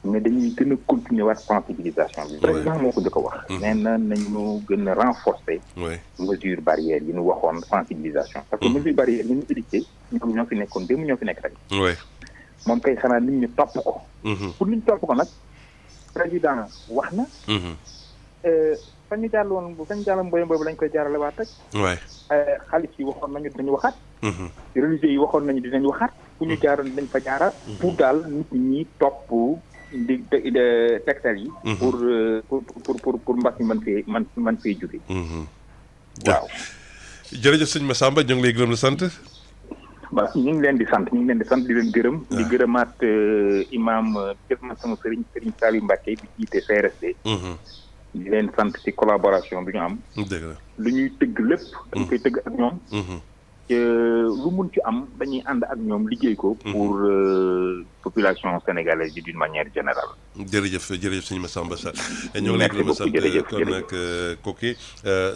mais dañuy gën a continuer waat sensibilisation bi. président moo ko njëkk wax. Mhm. nee na nañu gën a renforcer. mesure barrière yi nu waxoon sensibilisation. parce que mhm. mesure barrière yi ñu indiqué ñoom ñoo fi nekkoon démb ñoo fi nekk rek. moom kay xanaa nit ñi topp ko. Mhm. pour nit ñi topp ko nag président wax na. fa ñu jàll woon bu fa ñu jàlloon mboyam boobu lañ koy jaarale waat rek. Euh, xaalis yi waxoon nañu dinañu waxaat. religieux yi waxoon nañu dinañ waxaat. fu ñu jaaroon dinañ fa jaaraat. pour daal nit ñi topp. di tegtal yi. Mhm. Euh, pour pour pour pour mbas yi man fee man mën fee jóge. Mhm. waaw. jërëj sëñ Massamba ñu ngi lay gërëm la sant. waaw ñu ngi leen di sant ñu ngi leen di sant di leen gërëm. Ah. di gërëmaat euh, imaam gërëmaat euh, sama sëriñ sëriñ Saliou Mbacke bi jiite CRSD. Mhm. di leen sant ci collaboration bi ñu am. lu ñuy tëgg lépp. dañ koy tëgg ak ñoom. Euh, lu mun ci am dañuy ànd ak ñoom liggéey ko. Mhm. pour euh, population sénégalaise bi d'une manière générale. jërëjëf jërëjëf sëñ Massamba Sall. ñoo ngi leen di ma sant kon nag euh, kooki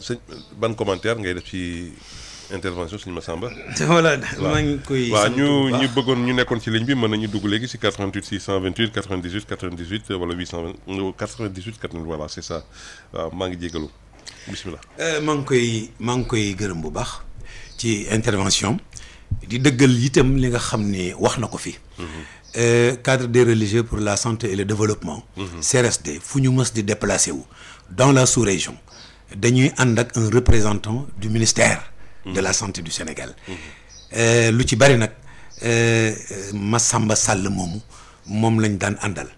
sëñ ban commentaire ngay def ci intervention sëñ Massamba. voilà maa ngi koy. waaw ñu ñu bëggoon ñu nekkoon ci ligne bi mën nañu dugg léegi si 88 628 98 98 wala 820 98 80 voilà c'est ça waaw maa ngi jégalu bisimilah. maa ngi koy maa ngi koy gërëm bu baax. ci intervention di dëggal itam li nga xam ni wax na ko fi. Mhm. Euh, cadre de religieux pour la santé et le développement. Mhm. CRSD fu ñu mës di déplacé wu. dans la sous-région dañuy ànd ak un représentant du ministère. Mhm. de la santé du Sénégal. Euh, lu ci bari nag euh, Massamba Sall moomu moom lañ daan àndal.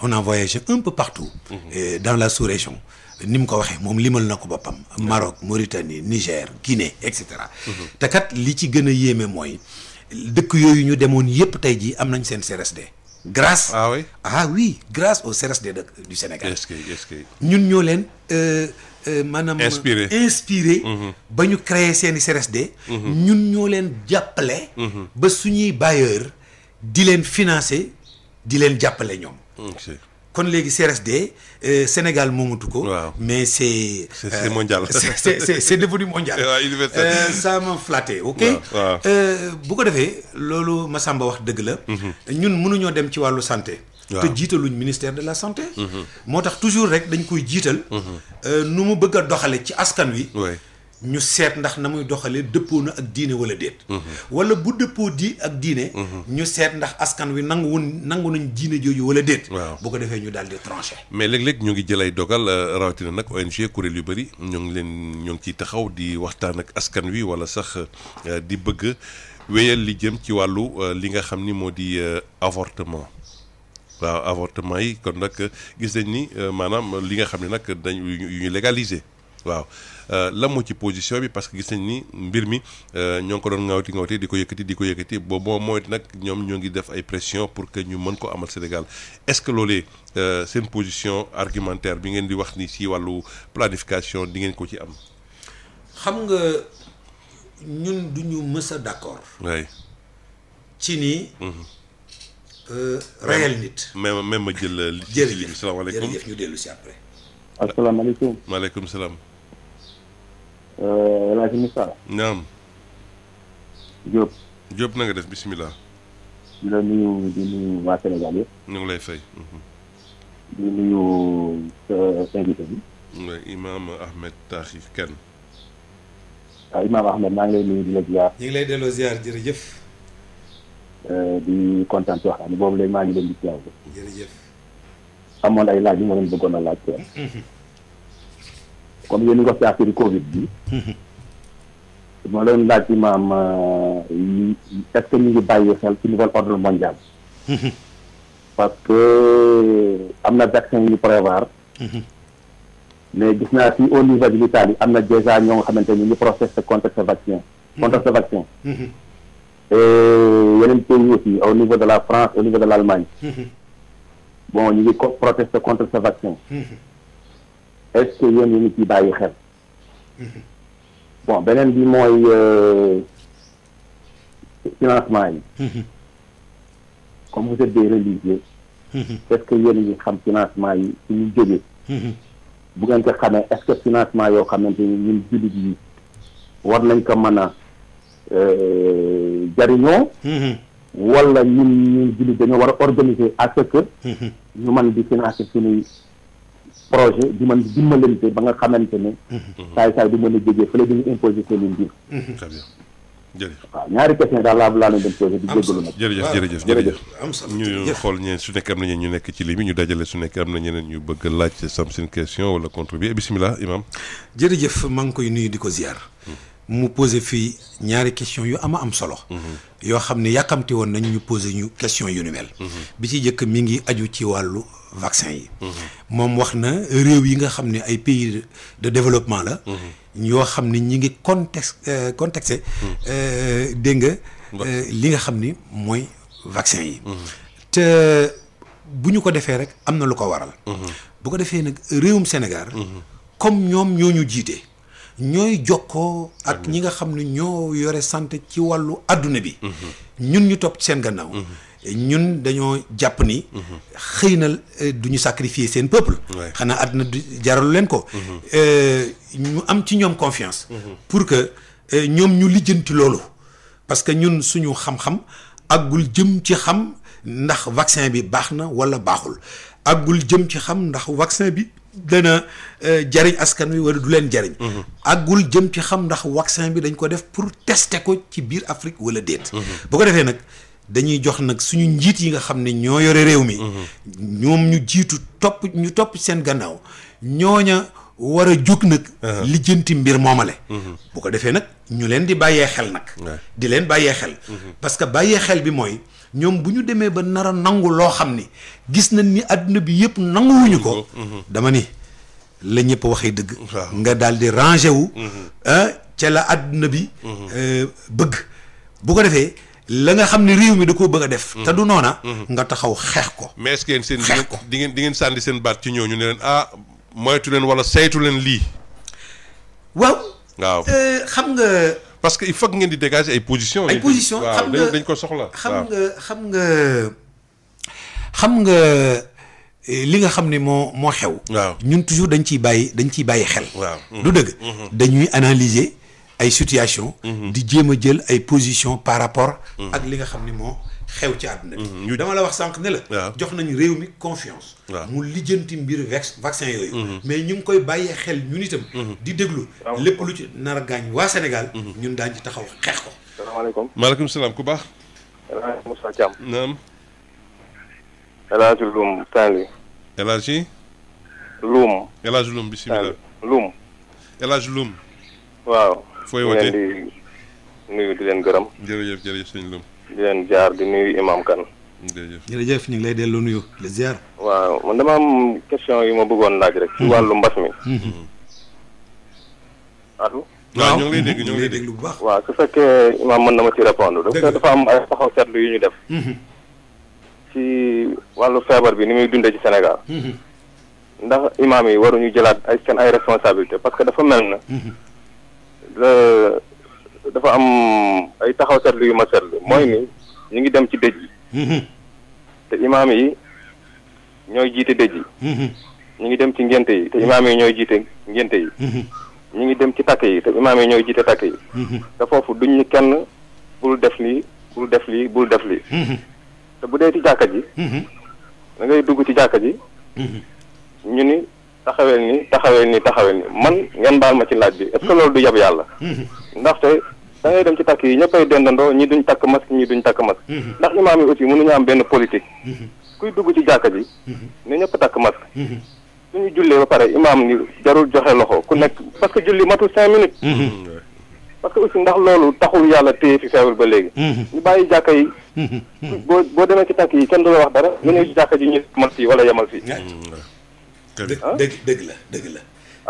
on a voyagé un peu partout. dans la sous-région. ni mu ko waxee moom limal na ko boppam. Maroc Mauritanie Niger Guinée et cetera. Mm-hmm. te kat li ci gën a yéeme mooy dëkk yooyu ñu demoon yépp tey jii am nañ seen CRSD. grâce ah oui ah oui grâce au CRSD du Sénégal. est-ce que ñun ñoo leen. Euh, euh, maanaam inspiré inspiré. Mm-hmm. ba ñu créer seeni CRSD. Mm-hmm. ñun ñoo leen jàppale. ba suñuy bailleur di leen financer di leen jàppale ñoom. kon léegi CRSD euh, Sénégal moomatu ko. waaw mais c' est. c' est euh, mondial c' est c' est devenu mondial. waaw universel euh, m'a flatté. ok bu ko defee loolu Massamba wax dëgg la. Mhm. ñun mënuñoo dem ci wàllu santé. te jiitaluñ ministère de la santé. Mhm. moo tax toujours rek dañ koy jiital. Mhm. nu mu bëgg a doxale ci askan wi. ñu seet ndax na muy doxalee dëppoo na ak diine wala déet. Mhm. wala bu dëppoo di ak diine. Mhm. ñu seet ndax askan wi nangu woon nangu nañ diine jooju wala déet. waaw bu ko defee ñu daal di mais léeg-léeg ñu ngi jël jëlay dogal euh, rawatina nag ONG kuréel yu bëri ñoo ngi leen ñoo ngi ciy taxaw di waxtaan ak askan wi wala sax euh, di bëgg wéyal li jëm ci wàllu euh, li nga xam ni moo di avortement. waaw avortement yi kon nag gis nañ ni maanaam li nga xam ne nag dañ yu ñu légaliser waaw. Euh, la moo ci position bi parce que gis nañ ni mbir mi euh, ñoo ngi ko doon ngawti ngawti di ko yëkkati di ko yëkkati boo boo moytu nag ñoom ñoo ngi def ay pression pour que ñu mën ko amal Sénégal est-ce que euh, seen position argumentaire bi ngeen di wax ni si wàllu planification di ngeen ko ci am. xam nga ñun du ñu mës a d'accord. waay ci ni. Mhm. rayal nit. ma même ma jël. jërëjëf ci ligne bi salaamaaleykum maaleykum salaam. Euh, El Hadj Moussa. naam. Diop. Diop na nga def bisimilah. di nuyu di waa Sénégal yëpp. ñu ngi lay fay. Mhm. di nuyu sa invité bi. Imaam Ahmed Taxi Kane. Imaam Ahmed maa ngi lay nuyu di la ziar. ñu ngi lay delloo ziar jërëjëf. Euh, di kontaan ci boobu lay maa ngi leen di jërëjëf. amoon ay laaj yu ma leen bëggoon a laaj. comme yéen wax ci affaire Covid bi. Mhm. ma leen laaj ci maam euh, est-ce que ñu ngi bàyyi xel ci nouvel ordre mondial. Mhm. parce que euh, am na vaccin yu prévoir. Mhm. mais gis naa fi au niveau de l'Italie am na déjà ñoo nga xamante ni ñu protesté contre ce vaccin. contre ce vaccin. et euh, yeneen pays aussi niveau de la France au niveau de l'Allemagne. bon ñu ngi protesté contre ce vaccin. est-ce que yéen ñu ngi bàyyi xel. bon beneen bi mooy euh, financement yi. comme mu êtes des religieux. est-ce que xam financement yi su ñu jógee. bu ngeen ko xamee est financement yoo xamante ni ñun jullit yi war nañ ko mën a euh, jariñoo. wala ñun ñun jullit dañoo war a organiser à ce que. ñu mën di financer suñuy. projet di man dimbalante ba nga xamante ne mhm. saay saay du mën a jógee fële dañu imposer seen i mbir mhm. très bien jërëjëf waaw ñaari question daal laa laa leen doon jërëjëf am sa ñu xool ñeen su nekk am na ñeen ñu nekk ci li bi ñu dajale su nekkee am na ñeneen ñu bëgg laaj sam seen question wala contribuer bisimilah imam jërëjëf maa ngi koy nuyu di ko ziar hmm. mu posé fii ñaari question yu ama am solo yoo xam ne yàkkamti woon nañ ñu posé ñu question yu ni mel bi ci jëkk mi ngi aju ci wàllu vaccin yi moom wax na réew yi nga xam ne ay pays de développement la yoo xam ne ñi ngi euh, contexte contexté euh, dégg nga euh, li nga xam ni mooy vaccin yi mm-hmm. te bu ñu ko defee rek am na lu ko waral mm-hmm. bu ko defee nag réewum Sénégal mm-hmm. comme ñoom ñoo ñu jiite ñooy jokkoo ak ñi nga xam ne ñoo yore santé ci wàllu àdduna bi mhm. ñun ñu topp ci seen gannaaw mhm. ñun dañoo jàpp ni mhm. xëy na euh, du ñu sacrifier seen peuple xanaa àdduna du jaralu leen ko euh, ñu am ci ñoom confiance pour que euh, ñoom ñu lijjanti loolu parce que ñun suñu xam-xam àggul jëm ci xam ndax vaccin bi baax na wala baaxul àggul jëm ci xam ndax vaccin bi dana euh, jariñ askan wi war du leen jariñ mm-hmm. àggul jëm ci xam ndax vaccin bi dañ ko def pour tester ko ci biir Afrique wala déet mm-hmm. bu ko defee nag dañuy jox nag suñu njiit yi nga xam ne ñoo yore réew mi mm-hmm. ñoom ñu jiitu topp ñu topp seen gannaaw ñooña war a jóg nag uh-huh. lijjanti mbir moomale bu ko defee nag ñu leen di bàyyee xel nag di leen bàyyee xel parce que bàyyee xel bi mooy ñoom bu ñu demee ba nara nangu loo xam ni gis nañ ni àdduna bi yëpp nanguwuñu ko. Mhm. dama ni la ñëpp waxee dëgg. nga daal di rangé wu. Mhm. Ah, ca la bi. Mhm. Euh, bëgg bu ko defee. la nga xam ne réew mi da koo bëgg a def. te du noona. nga taxaw xeex ko. mais est-ce que yéen seen di ngeen di ngeen sànni seen baat ci ñu ne leen ah moytu leen walla saytu leen lii. waaw. waaw euh, xam nga. parce que il faut ngeen di dégager ay positions. ay positions xam nga dañ ko soxla. xam nga xam nga xam nga eh, li nga xam ni moo moo xew. ñun toujours dañ ciy bàyyi dañ ciy bàyyi xel. waaw mm-hmm. du dëgg. Mm-hmm. dañuy analyser ay situation mm-hmm. di jéem a jël ay positions par rapport. ak li nga xam ni moo. xew ci àdduna bi mhm, dama la wax sànq ne la jox nañu réew mi confiance mu lijjanti mbir vaccin yooyu mhm. mais ñu ngi koy bàyyee xel ñun itam mhm. di déglu lépp lu ci nar a gaañ waa senegal ñun daañ ci taxaw xeex ko salaamaaleykum maaleykum salaam ku baax El Hadj Moussa Thiam naam El waaw fooy wootee di nuyu di leen gërëm jërëjëf jërëjëf sëñ di leen jaar di nuyu imam kan. jërëjëf ñu ngi lay dellu nuyu le ziar. waaw man dama am question yu ma bëggoon laaj rek. ci mhm. wàllu mbas mi. Mhm. allo. waaw ñu ngi lay dégg su fekkee imam mën na ma ci répondre. dafa am ay taxaw seetlu yu ñu def. Mhm. ci wàllu feebar bi ni muy dundee ci Sénégal. ndax imaam yi waruñu jëlaat ay seen ay responsabilité parce que dafa mel na. dafa am ay taxaw seetlu yu ma seetlu mooy ni hmm. ñu ngi dem ci dëj yi hmm. te imaam yi ñooy jiite dëj yi hmm. ñu ngi dem ci ngénte yi te imaam yi ñooy jiite ngénte yi ñu ngi dem ci takk yi te yi ñooy jiite takk yi foofu duñ ñu kenn bul def lii bul def lii bul def lii te bu dee ci jàkka ji da dugg ci jàkka ji ñu ni taxawee ni taxawel ni taxawel ni man ngeen baal ma ci laaj bi est-ce du yab yàlla ndaxte da ngay dem ci takk yi ñëppay dendandoo ñi duñ takk masque ñi duñ takk masque. Mhm. ndax imaam yi aussi mënuñu am benn politique. Mhm. kuy dugg ci jàkka ji. Mhm. ne ñëpp takk masque. suñu jullee ba pare imaam ni jarul joxe loxo ku nekk parce que julli matul cinq minutes. parce que aussi ndax loolu taxul yàlla téye fi feebar ba léegi. ñu bàyyi jàkka yi. boo boo demee ci tànk yi kenn du la wax dara. ñu ne ji ñu yemal fii wala yemal fii. dëgg dëgg la dëgg la.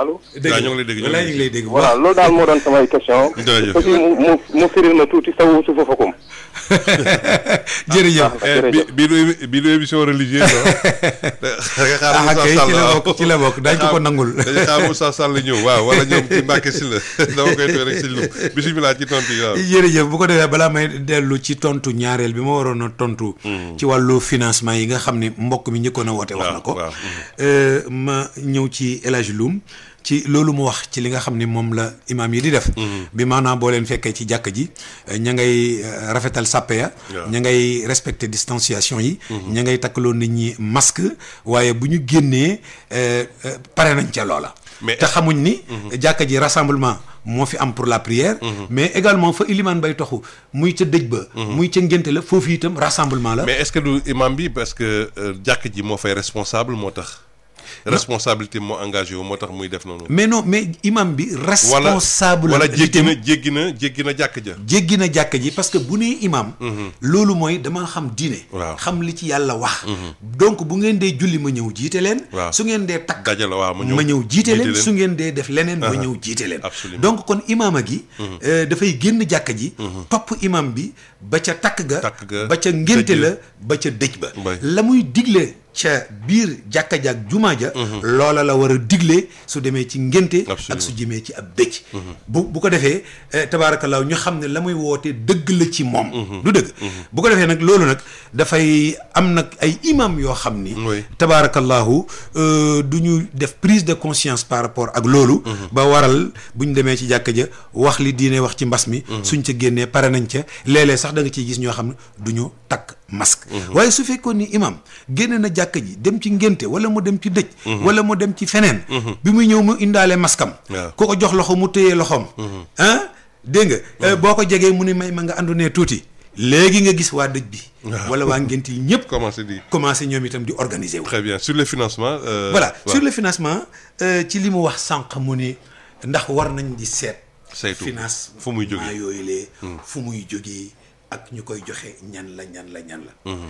allo. dégg nga ñu ngi lay loolu daal moo doon samay question mu mu firil tuuti sawu su fafakum. la bokk ci la bokk daañu ko ko waaw wala ñoom ci Mbacke si la dama koy tooy rek si lu bu ko defee balaa may dellu ci tontu ñaareel bi ma waroon a tontu. Hmm. ci wàllu financement yi nga xam ni mbokk mi njëkkoon a woote. wax na ko eh, ma ñëw ci El Hadj ci loolu mu wax ci li nga xam ni moom la imaam yi di def mm-hmm. bi maanaam boo leen fekkee ci jàkk ji ña ngay euh, rafetal sàppe ya ña ngay respecter distanciation yi mm-hmm. ña ngay takkaloo nit ñi masque waaye bu ñu génnee euh, euh, pare nañ ca loola mais te xamuñ ni mm-hmm. jàkka ji rassemblement moo fi am pour la prière mais également fa ilimaan bay toxu muy ca dëj ba muy ca ngénte la foofu itam rassemblement la mais est-ce que du imam bi parce que jàkk ji moo fay responsable moo tax responsabilité moo engagé wu moo tax muy def noonu. mais non mais imam bi. responsable wala jéggi na jéggi na jéggi na jàkk ja. jéggi na jàkk ji parce que bu nee imaam mhm. loolu mooy dama xam diine. xam li ci yàlla wax. Mhm. donc bu ngeen dee julli ma ñëw jiite leen. su ngeen dee takk dajale waaw ma ñëw ma ñëw jiite leen su ngeen dee def leneen ma ñëw jiite leen. donc kon imaama gi. Mhm. Euh, dafay génn jàkk ji. topp imam bi ba ca takk ga. takk ga ba ca ngénte la ba ca dëj ba. la muy digle. ca biir jàkka ja ak jumaa ja mhm. loola la war a diglee su demee ci ngénte ak su jëmee ci ab dëj mhm. bu bu ko defee eh, tabaarakallaahu ñu xam ne la muy woote dëgg la ci moom mhm. du dëgg bu ko defee nag loolu nag dafay am nag ay imam yoo xam ni tabaarakallaahu euh, du ñu def prise de conscience par rapport ak loolu ba waral bu ñu demee ci jàkk ja wax li dina wax ci mbas mi suñ ca génnee pare nañ ca léeg sax da nga ciy gis ñoo xam ne duñu takk masque waaye su fekkoon ni imam génne na jàkka ji dem ci ngénte wala mu dem ci dëj mhm. wala mu dem ci feneen mhm. bi muy ñëw mu indaale maskam ku ko jox loxo mu téye loxoom ah dégg nga eh, boo ko jegee mu ni may ma nga àndonee tuuti léegi nga gis waa dëj bi wala waa ngént yi ñëpp commencé di commencé ñoom itam di organiser wu très bien sur le financement euh, financement euh, ci li mu wax sànq mu ni ndax war nañ di seet saytu finance fu muy jógee yooyu lee hmm. fu muy jógee ak ñu koy joxe ñan la ñan la ñan la. Mhm.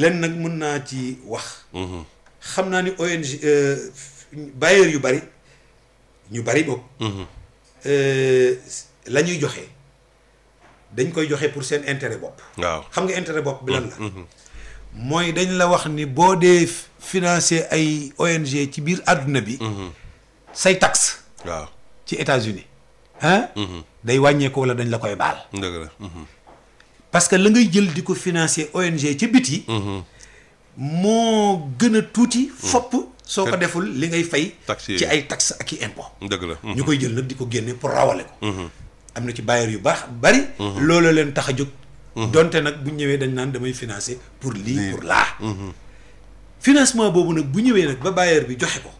lenn nag mën naa ci wax. Mhm. xam naa ni ONG euh, bailleur yu bari ñu bari boog. Mhm. Euh, la ñuy joxe dañ koy joxe pour seen intérêt bopp. waaw xam nga intérêt bopp bi lan la. mooy dañ la wax ni boo dee financer ay ONG ci biir àdduna bi. say taxe. waaw ci États-Unis. ah. day wàññeeku wala dañ la koy baal. dëgg la. parce que la ngay jël di ko financer ONG ci bit yi mhm. moo gën a tuuti mhm. fopp soo ko deful li ngay fay ci ay taxes ak i impôt la mhm. ñu koy jël nag di ko génne pour rawale ko am na ci bailleur yu baax bari loolu leen tax a jóg donte nag bu ñëwee dañ naan damay financer pour lii pour laa financement boobu nag bu ñëwee nag ba bailleur bi joxe ko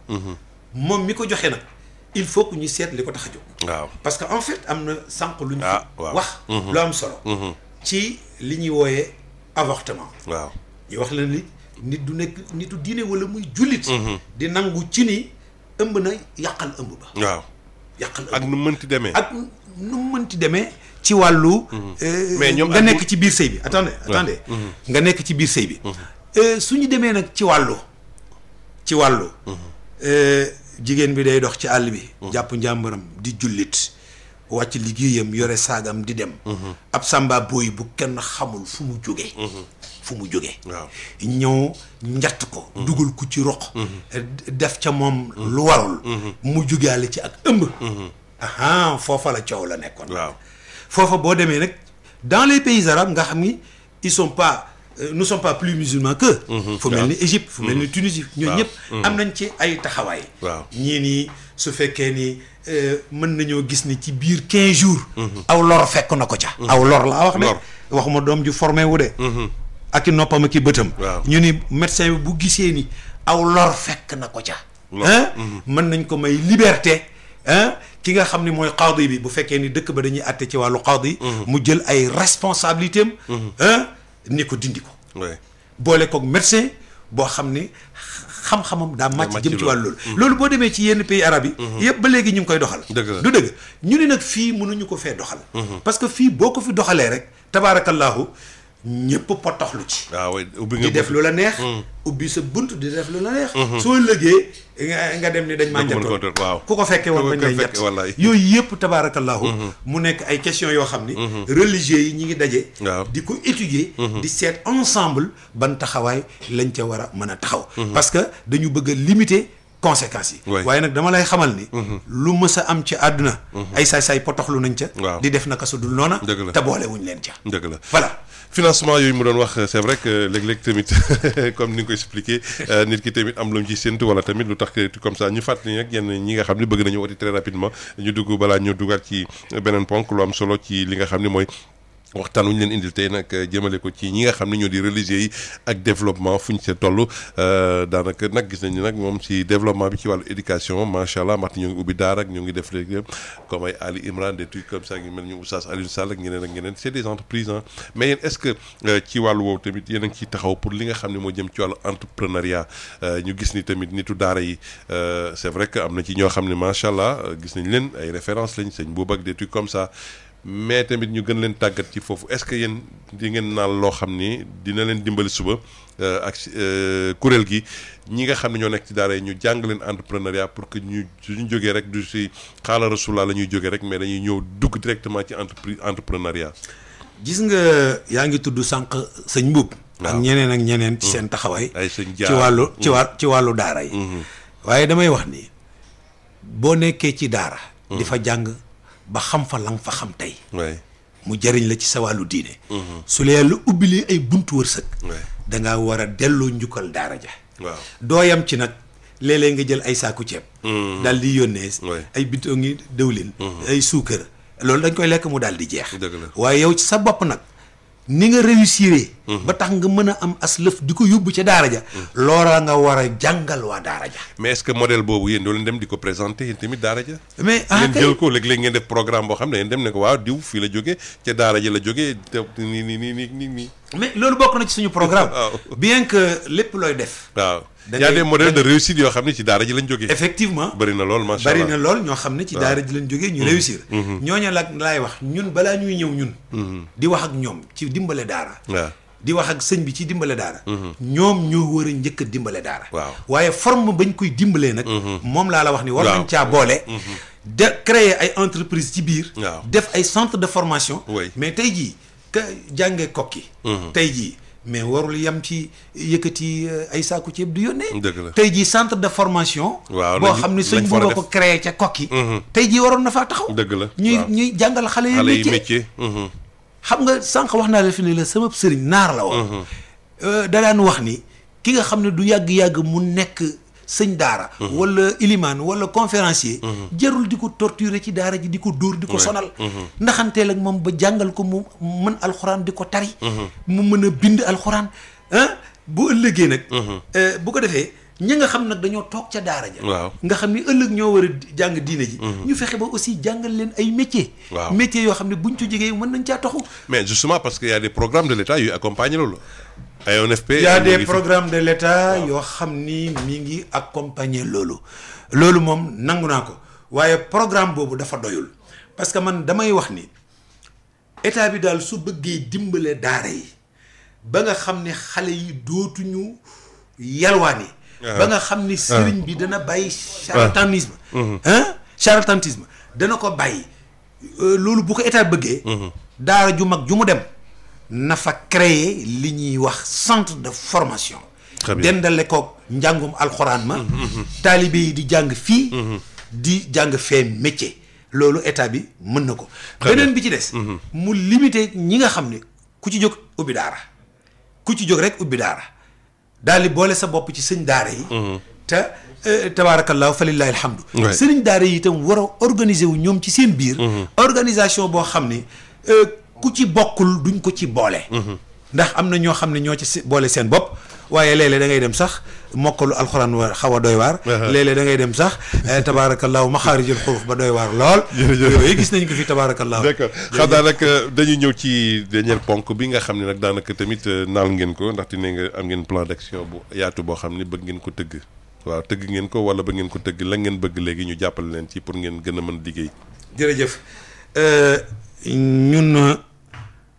moom mi ko joxe nag il faut que ñu seet li ko tax a jóg waaw parce que en fait am na sànq lu ñu ah, wax lu am solo ci li ñuy wooyee avortement. waaw ñu wax la ni nit du nekk nitu diine wala muy jullit. Mhm. di nangu ci ni ëmb na yàqal ëmb ba. waaw yàqal ëmb ak nu mënti demee. ak nu mënti demee ci wàllu. Mhm. Euh, mais ñoom mhm. nga nekk ci biir sëy bi attendez attendez nga nekk ci biir sëy bi. su ñu demee nag ci wàllu ci wàllu. Euh, jigéen bi day dox ci àll bi. jàpp njàmbaram di jullit. wàcc liggéeyam yore saagam di dem. Mhm. ab sàmba booy bu kenn xamul fu mu jógee. Mhm. fu mu jógee. waaw ñëw njatt ko. Mhm. dugal ko ci roq. def ca moom lu warul. mu jógaale ci ak ëmb. foofa la coow la nekkoon. waaw foofa boo demee nag dans les pays arabes nga xam ni ils sont pas. Euh, nous sommes pas plus musulmans qu'eux mhm. fu mel ni Égypte fu mel ni mhm. Tunisie ñooñu ñëpp mhm. am nañ ci ay taxawaay ñii nii su fekkee ni euh, mën nañoo gis ni ci biir quinze jours aw lor fekk na ko ca aw lor laa wax de waxuma doom ju formé wu de ak i noppam ak i bëtam ñu ni médecin bi bu gisee ni aw lor fekk na ko ca mën nañ ko may liberté ki nga xam ni mooy qaadi bi bu fekkee ni dëkk ba dañuy àtte ci wàllu qaadi mu jël ay responsabilité am ni ko dindi ko. boole koog médecin boo xam ni xam-xamam daa màcc jëm ci wàllu loolu. Mm-hmm. loolu boo demee ci yenn pays arabes yi. Mm-hmm. yëpp ba léegi ñu ngi koy doxal. du dëgg ñu ne nag fii mënuñu ko fee doxal. Mm-hmm. parce que fii boo ko fi doxalee rek tabaarakallaahu ñëpp potoxlu ci. waaw ah ubbi nga di def lu la neex. Hmm. ubbi sa bunt di def lu la neex. Hmm. soo lëggee nga dem ni dañ maa njëkkoon waaw ku ko fekkee woon bañ lay njëkk yooyu yëpp tabaarakallahu hmm. mu nekk ay questions yoo xam ni. religieux yi ñi ngi daje. di ko étudier. di seet ensemble ban taxawaay lañ ca war a mën a taxaw. parce que dañu bëgg a conséquence yi. waaye nag dama lay xamal ni. Mhm. lu mës a am ci àdduna. Mhm. ay saay-saay potoxlu nañ ca. di def naka su dul noona. dëgg la te boolewuñ leen ca. dëgg la voilà. financement yooyu mu doon wax c'est vrai que léeg-léeg tamit comme ni nga ko expliqué euh, nit ki tamit am lu mu ci séntu wala tamit lu tax comme ça ñu fàttali rek yenn ñi nga xam ne bëgg nañu wati très rapidement ñu dugg balaa ñu dugal ci beneen ponk lu am solo ci li nga xam ne mooy. waxtaan wu ñu leen indil tey nag euh, jëmale ko ci ñi nga xam ne ñoo di religieux yi ak développement fu ñu see toll euh, daanaka nag gis nañu nag moom si développement bi ci wàllu éducation macha allah marti ñoo ngi ubbi daara ak ñoo ngi def léegi comme ay Ali Imran des trucs comme ñu Oustaz Alioune Sall ak ñeneen ak ñeneen c'est des entreprises ah mais yéen est-ce que euh, ci wàllu woowu tamit yéen a taxaw pour li nga xam ne moo jëm ci wàllu entrepreneuriat ñu gis ni tamit nitu daara yi c'est vrai que am na ci ñoo xam ne macha allah gis nañ leen ay références lañ sëñ boobu ak des trucs comme ça mais tamit ñu gën leen tàggat ci foofu est-ce que yéen di ngeen naal loo xam ni dina leen dimbali suba euh, ak euh, kuréel gi ñi nga xam ne ñoo nekk ci daara yi ñu jàng leen entrepreneuriat pour que ñu ñu jógee rek du si xaala rasulaa la ñuy jógee rek mais dañuy ñëw dugg directement ci entreprise entrepreneuriat. gis nga yaa ngi tudd sànq sëñ Mbuub. ak ñeneen ak ñeneen. ci seen mm. taxawaay. ay sëñ jaar ci wàllu ci mm. wà ci wàllu daara yi. Mm-hmm. waaye damay wax ni boo nekkee ci daara. Mm. di fa jàng. ba xam fa lang fa xam tey mu jariñ la ci sa wàllu diine mm-hmm. su la yàlla ubbilee ay buntu wërsëg da ngaa war a delloo njukkal daara ja waaw dooyam ci nag léeg-léeg nga jël ay saaku ceeb mm-hmm. dal di yónnee ay bito ngi dëwlin mm-hmm. ay suukar loolu dañ koy lekk mu daal di jeex waaye yow ci sa bopp nag ni nga réussiré. Mhm. ba tax nga mën a am as lëf di ko yóbbu ca daara ja mhm. loola nga war a jàngal waa daara ja mais est-ce que boobu yéen doo leen dem di ko présenté yéen tamit daara ja mais ah ngeen jël ko léeg-léeg ngeen def programme boo xam ne yéen dem ne ko waaw diw fii la jógee ca daara ja la jógee ni ni nii ni ni nii mais loolu bokk na suñu programme bien que lépp looy def waaw il y a de réussite yoo xam ne ci daara ji lañ jógee. effectivement bari na lool macha allah bari lool ñoo xam ne ci daara ji lañ jógee ñu mm-hmm. réussir. Mm-hmm. ñooñu nag laay wax ñun balaa ñuy ñëw ñun. Mm-hmm. di wax ak ñoom ci dimbale daara. di wax ak sëñ bi ci dimbale daara. ñoom ñoo war a njëkk a dimbale daara. waaw waaye forme bañ koy dimbalee nag. moom laa la wax ni war nañ caa boole. de créer ay entreprise ci biir. def ay centre de formation. mais tey jii ka jàngee kokki. tey jii. mais warul yam ci yëkkati euh, ay saaku ceeb du yónnee. dëgg la tey jii centre de formation. waaw boo xam ne sëñ bu ko créer ca kokki mhm. tey jii waroon na faa taxaw. dëgg la ñuy ñuy jàngal xale yu. métier xale mhm. xam nga sànq wax naa la fi ne la sama sëriñ naar la woon. Mhm. Euh, da daan wax ni ki nga xam ne du yàgg yàgg mu nekk. sëñ daara mhm. wala ilimaan wala conférencier mhm. jarul di ko torturer ci daara ji di ko dóor di ko sonal mhm. ndaxanteel ak moom ba jàngal ko mu man alxuraan di ko tari mu mën a bind alxuraan ah bu ëllëgee nag euh, ko defee ñi nga xam nag dañoo toog ca daara ja waaw nga xam ni ëllëg ñoo war a jàng diine ji ñu fexe ba aussi jàngal leen ay métier waaw métier yoo xam ne buñ ci jógee mën nañ caa toxu mais justement parce que y a des programmes de l'État yuy accompagner loolu AONFP y a des programmes de l'État yoo xam ni mi ngi accompagner loolu loolu moom nangu naa ko waaye programme boobu dafa doyul parce que man damay wax ni état bi daal su bëggee dimbale daara yi ba nga xam ne xale yi dootuñu yalwaani ah. ba nga xam ni ah. sëriñ bi dana bàyyi charlatanisme ah. mm-hmm. hein charlatanisme dana ko bàyyi euh, loolu bu ko état bëggee mm-hmm. daara ju mag ju mu dem na fa créer li ñuy wax centre de formation. dendale ko njàngum alxuraan ma. taalibe yi di jàng fii. di jàng fee métier. loolu état bi mën na ko. beneen bi ci des. Mhm. mu limité ñi nga xam ne ku ci jóg ubbi daara ku ci jóg rek ubbi daara daal di boole sa bopp ci sëñ daara yi. Mhm. te eh, tabaarakallaahu falillaahi alhamdu. sëriñ daara yi itam war a organiser wu ñoom ci seen biir. Mhm. organisation boo xam ne. Eh, ku ci bokkul duñ ko ci boole. Mhm. ndax am na ñoo xam ne ñoo ci boole seen bopp waaye léeg-léeg da ngay dem sax mokkalu alxuraan wa xaw a doy waar. léeg-léeg da ngay dem sax eh, tabaarakallaahu maxaarijul xuruuf ba doy waar lool. jërëjëf yooyu gis nañ ko fi tabaarakallaahu. d'accord xam naa nag eh, dañuy ñëw ci dernier ponk bi nga xam ne nag daanaka tamit eh, naal ngeen ko ndaxte ne nga am ngeen plan d'action bu yaatu boo xam ne bëgg ngeen ko tëgg. waaw tëgg ngeen ko wala ba ngeen ko tëgg la ngeen bëgg léegi ñu jàppale leen ci pour ngeen gën a mën liggéey. jërëjëf ñun.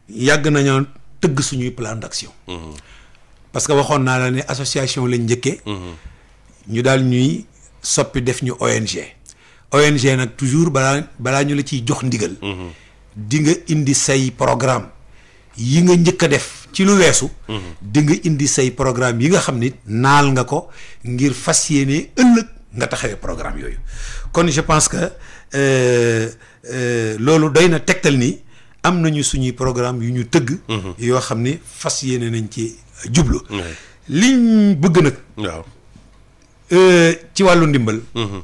yàgg nañoo tëgg suñuy plan d'action. Mhm. parce que waxoon naa la ne association lañ njëkkee. Mhm. ñu daal ñuy soppi def ñu ONG. ONG nag toujours balaa balaa ñu la ciy jox ndigal. Mhm. di nga indi say programme yi nga njëkk a def ci lu weesu. di indi say programme yi nga xam ni. naal nga ko ngir fas yéene ëllëg nga taxawee programme yooyu kon je pense que euh, euh, loolu doy na tegtal nii am nañu suñuy programme yu ñu tëgg. Mhm. yoo xam ne fas yéene nañ ci jublu. liñ bëgg nag. waaw euh, ci wàllu ndimbal. Mhm.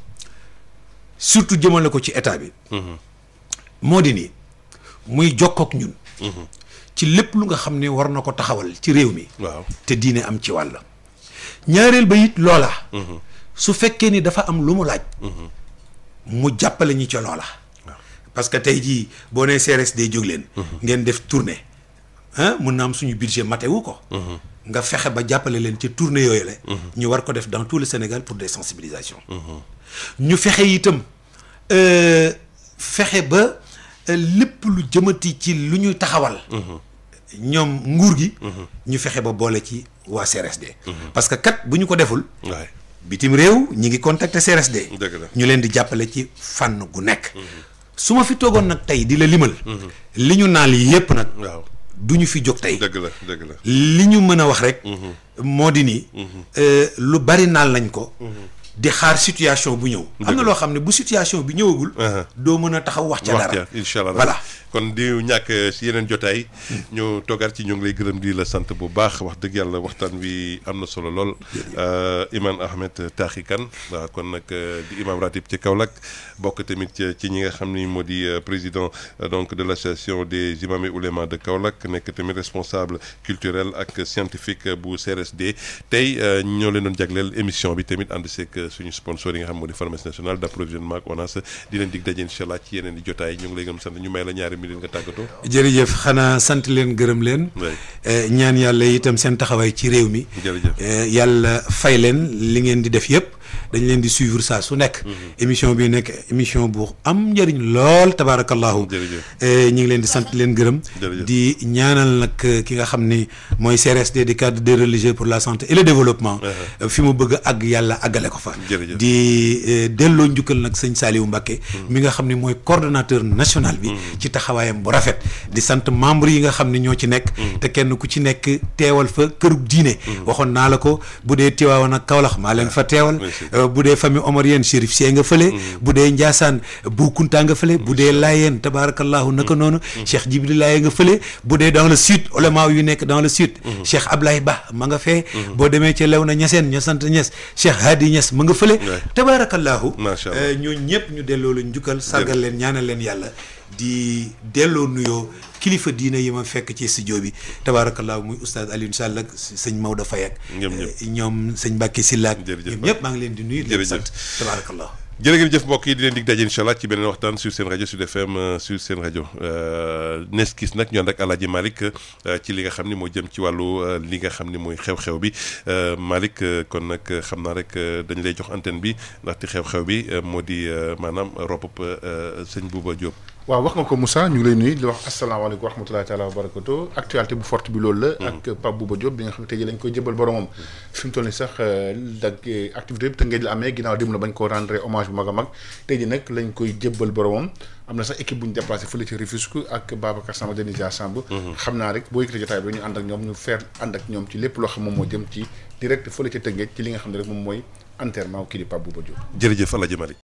surtout jëmale ko ci état bi. Mhm. moo di nii muy jokkook ñun. ci lépp lu nga xam ne war na ko taxawal ci réew mi. te diine am ci wàll. ñaareel ba it loola. su fekkee ni dafa am lu mu laaj. mu jàppale ñu ci loola. parce que tey jii boo nee CRSD jóg leen. Mhm. ngeen def tournée. ah mun na am suñu budget matewu ko. Mhm. nga fexe ba jàppale leen ci tournée yooyu la. Mhm. ñu war ko def dans tout le Sénégal pour de sensibilisations. ñu fexe itam euh, fexe ba euh, lépp lu jëmati ci lu ñu taxawal. ñoom nguur gi. ñu fexe ba boole ci waa CRSD. parce que kat bu ñu ko deful. bitim réew ñi ngi contacter CRSD. ñu leen di jàppale ci fànn gu nekk. su ma fi toogoon nag tey di limal. Mhm. li ñu naal yépp nag. du ñu fi jóg tey. dëgg la dëgg la li ñu mën a wax rek. Mhm. moo di ni. Mhm. Euh, lu bari naal nañ ko. di xaar situation bu ñëw. am na loo xam ne bu situation bi ñëwagul. Uh-huh. doo mën a taxaw wax ca dara wax ca incha allah kon di ñàkk si yeneen jotaay. Hmm. ñu toogaat ci ñu ngi lay gërëm di la sant bu baax wax dëgg yàlla waxtaan wi am na solo lool. Uh, imam Ahmed Taaxi Kan waaw kon nag uh, di imam ratib ci Kaolack bokk tamit ci ñi nga xam ni moo di uh, président donc de l' association des imams et oulémas de Kaolack nekk tamit responsable culturel ak scientifique bu CRSD tey ñoo leen doon émission bi tamit ànd suñu sponsor yi nga xam moo di pharmacie nationale d' approvisionnement ak ONAS di leen dig daje incha ci yeneen i jotaay ñu ngi mi leen nga tàggatoo. jërëjëf xanaa sant leen gërëm leen. Eh, ñaan yàlla itam seen taxawaay ci réew mi. Eh, yàlla fay leen li ngeen di def yëpp. dañ leen di suivre saa su nekk. Mm-hmm. émission bi nekk émission bu am njëriñ lool tabaarakallahu. Eh, ñi ngi leen di sant leen gërëm. di ñaanal nag ki nga xam ni mooy CRSD di cadre des religieux pour la santé et le développement. Uh-huh. fi mu bëgg fa di eh, delloo njukkal nag sëñ Saliou Mbacké mm. mi nga xam ne mooy coordonnateur national bi mm. ci taxawaayam bu rafet di sant membre yi nga xam ne ñoo ci nekk mm. te kenn ku ci nekk teewal fa kërug diine waxoon naa la ko bu dee Tiwaawan ak Kawlax maa leen fa ah, teewal euh, bu dee famille omarienne Chérif Seye nga fële bu dee Njaasaan Bu nga fële bu dee Laayeen tabaarakallaahu naka noonu Cheikh Jibril nga fële bu dee dans le sud olama yu nekk dans le sud Cheikh Ablaye Ba ma nga fee boo demee ca lew na ñeseen ñoo sant ma nga fële tabaarakallaahu euh, ñooñ ñëpp ñu delloo la njukkal sargal leen ñaana leen yàlla di delloo nuyoo kilifa diina yi ma fekk ci studio bi tabaarakallaahu muy oustaz Alioune Sall ak sëñ Maodo Faye ak ñoom euh, sëñ Mbacke Sylla ak ñoom ñëpp maa ngi leen di nuyu leen sant tabaarakallaahu jërë ngeen jëf mbokk yi di leen dig daje incha allah ci beneen waxtaan sur seen rajo Sud FM euh, sur seen rajo euh, nes kis nag ñu ànd ak Alaaji Malick euh, ci li nga xam ni moo jëm ci wàllu li nga xam ni mooy xew-xew bi Malick kon nag xam naa rek dañu lay jox antenne bi ndaxte xew-xew bi moo di maanaam ropp sëñ Bouba Diop. waaw wax nga ko Moussa ñu ngi lay nuyu di wax asalaamaaleykum wa rahmatulahi taala wa barakatu actualité bu forte bi loolu la. Hmm. ak Pape Bouba Diop bi nga xam ne tey lañ koy jëbal boromam. mu toll nii sax dag euh, euh, activité yëpp te ginnaaw dem la bañ koo rendre hommage bu mag a mag tey jii nag koy jëbal boromam am na sax équipe bu ñu déplacé fële ci Rufisque ak Babacar Samba Denis Samb. Hmm. xam naa rek boo yëkkatee jotaay bi ñu ànd ak ñoom ñu feer ànd ak ñoom ci lépp loo xam moom moo jëm ci direct fële ca Tëngéej ci li nga xam ne rek moom mooy enterrement kii di Pape Bouba Diop. jërëjëf Aladji Malick